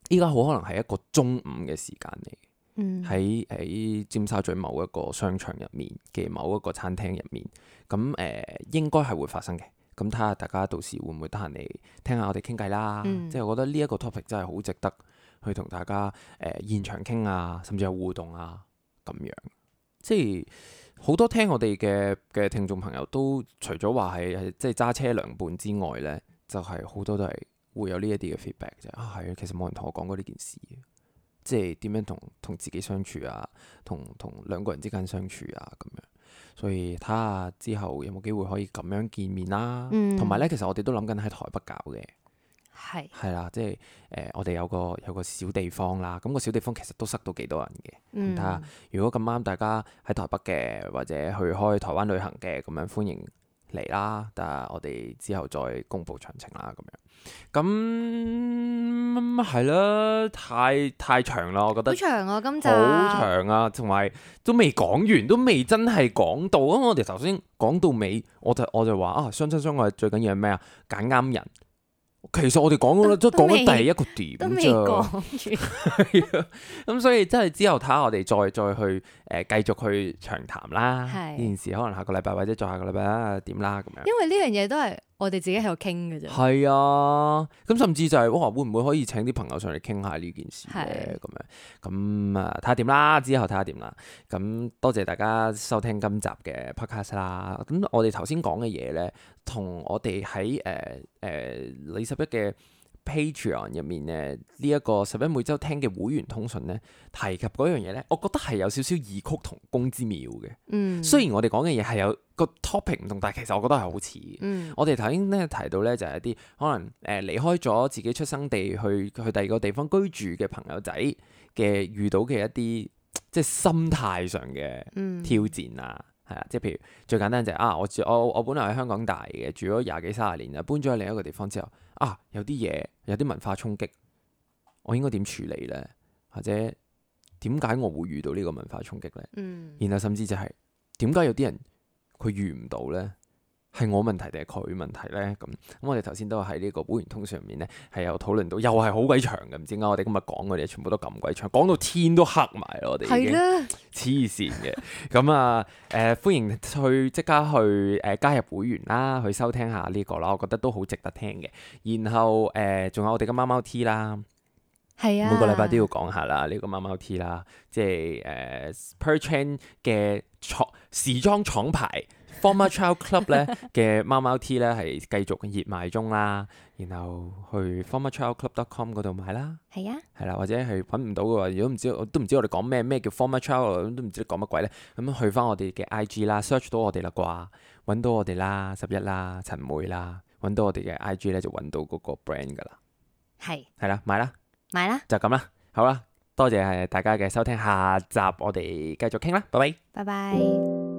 依家好可能係一個中午嘅時間嚟，喺喺、嗯、尖沙咀某一個商場入面嘅某一個餐廳入面咁誒、呃，應該係會發生嘅。咁睇下大家到時會唔會得閒嚟聽下我哋傾偈啦，嗯、即係我覺得呢一個 topic 真係好值得去同大家誒、呃、現場傾啊，甚至係互動啊咁樣。即係好多聽我哋嘅嘅聽眾朋友都除咗話係係即係揸車良伴之外呢，就係、是、好多都係會有呢一啲嘅 feedback 啫。啊，係，其實冇人同我講過呢件事，即係點樣同同自己相處啊，同同兩個人之間相處啊咁樣。所以睇下之後有冇機會可以咁樣見面啦，同埋、嗯、呢，其實我哋都諗緊喺台北搞嘅，係係啦，即係、呃、我哋有個有個小地方啦，咁個小地方其實都塞到幾多人嘅，睇下、嗯、如果咁啱大家喺台北嘅，或者去開台灣旅行嘅，咁樣歡迎嚟啦，但我哋之後再公布詳情啦，咁樣咁係啦，太太長啦，我覺得好長啊，今集好長啊，同埋都未講完，都未真係講到啊！我哋頭先講到尾，我就我就話啊，相親相愛最緊要係咩啊？揀啱人。其實我哋講咗都講咗第一個點啫、 嗯，咁所以真係之後睇下我哋再再去誒繼、呃、續去長談啦。呢件事可能下個禮拜或者再下個禮拜點啦咁樣。因為呢樣嘢都係。我哋自己喺度傾嘅啫，係啊，咁甚至就係、係、哇，會唔會可以請啲朋友上嚟傾下呢件事咧？咁係樣咁啊，睇下點啦，之後睇下點啦。咁多謝大家收聽今集嘅 podcast 啦。咁我哋頭先講嘅嘢呢，同我哋喺誒誒拾壹嘅。Patreon 入面誒呢一、這個拾壹每週聽嘅會員通訊呢，提及嗰樣嘢呢，我覺得係有少少異曲同工之妙嘅。嗯，雖然我哋講嘅嘢係有個 topic 唔同，但係其實我覺得係好似嗯我，我哋頭先呢提到呢，就係、是、一啲可能誒、呃、離開咗自己出生地去去，去第二個地方居住嘅朋友仔嘅遇到嘅一啲即係心態上嘅挑戰啊，係啊、嗯，即係譬如最簡單就係、是、啊，我住我我我本來喺香港大嘅，住咗廿幾三十年啦，搬咗去另一個地方之後。啊！有啲嘢，有啲文化衝擊，我應該點處理咧？或者點解我會遇到呢個文化衝擊咧？嗯、然後甚至就係點解有啲人佢遇唔到咧？係我問題定係佢問題呢？咁咁，我哋頭先都喺呢個會員通上面呢，係有討論到，又係好鬼長嘅，唔知點解我哋今日講嘅嘢全部都咁鬼長，講到天都黑埋，我哋已經係啦，黐線嘅。咁啊，誒、呃，歡迎去即刻去誒、呃、加入會員啦，去收聽下呢個啦，我覺得都好值得聽嘅。然後誒，仲、呃、有我哋嘅貓貓 T 啦，係是啊，每個禮拜都要講下啦，呢、這個貓貓 T 啦，即係誒、呃、Perchan 嘅廠時裝廠牌。Form a Child Club 咧嘅貓貓 T 咧係繼續熱賣中啦，然後去 Former Child Club dot com 嗰度買啦。係啊，係啦，或者係揾唔到嘅話，如果唔知，我都唔知我哋講咩咩叫 Former Child，都唔知你講乜鬼咧。咁樣去翻我哋嘅 IG 啦，search 到我哋啦啩，揾到我哋啦，拾壹啦，陳梅啦，揾到我哋嘅 IG 咧就揾到嗰個 brand 噶啦。係係啦，買啦，買啦，就咁啦，好啦，多謝係大家嘅收聽，下集我哋繼續傾啦，拜拜，拜拜。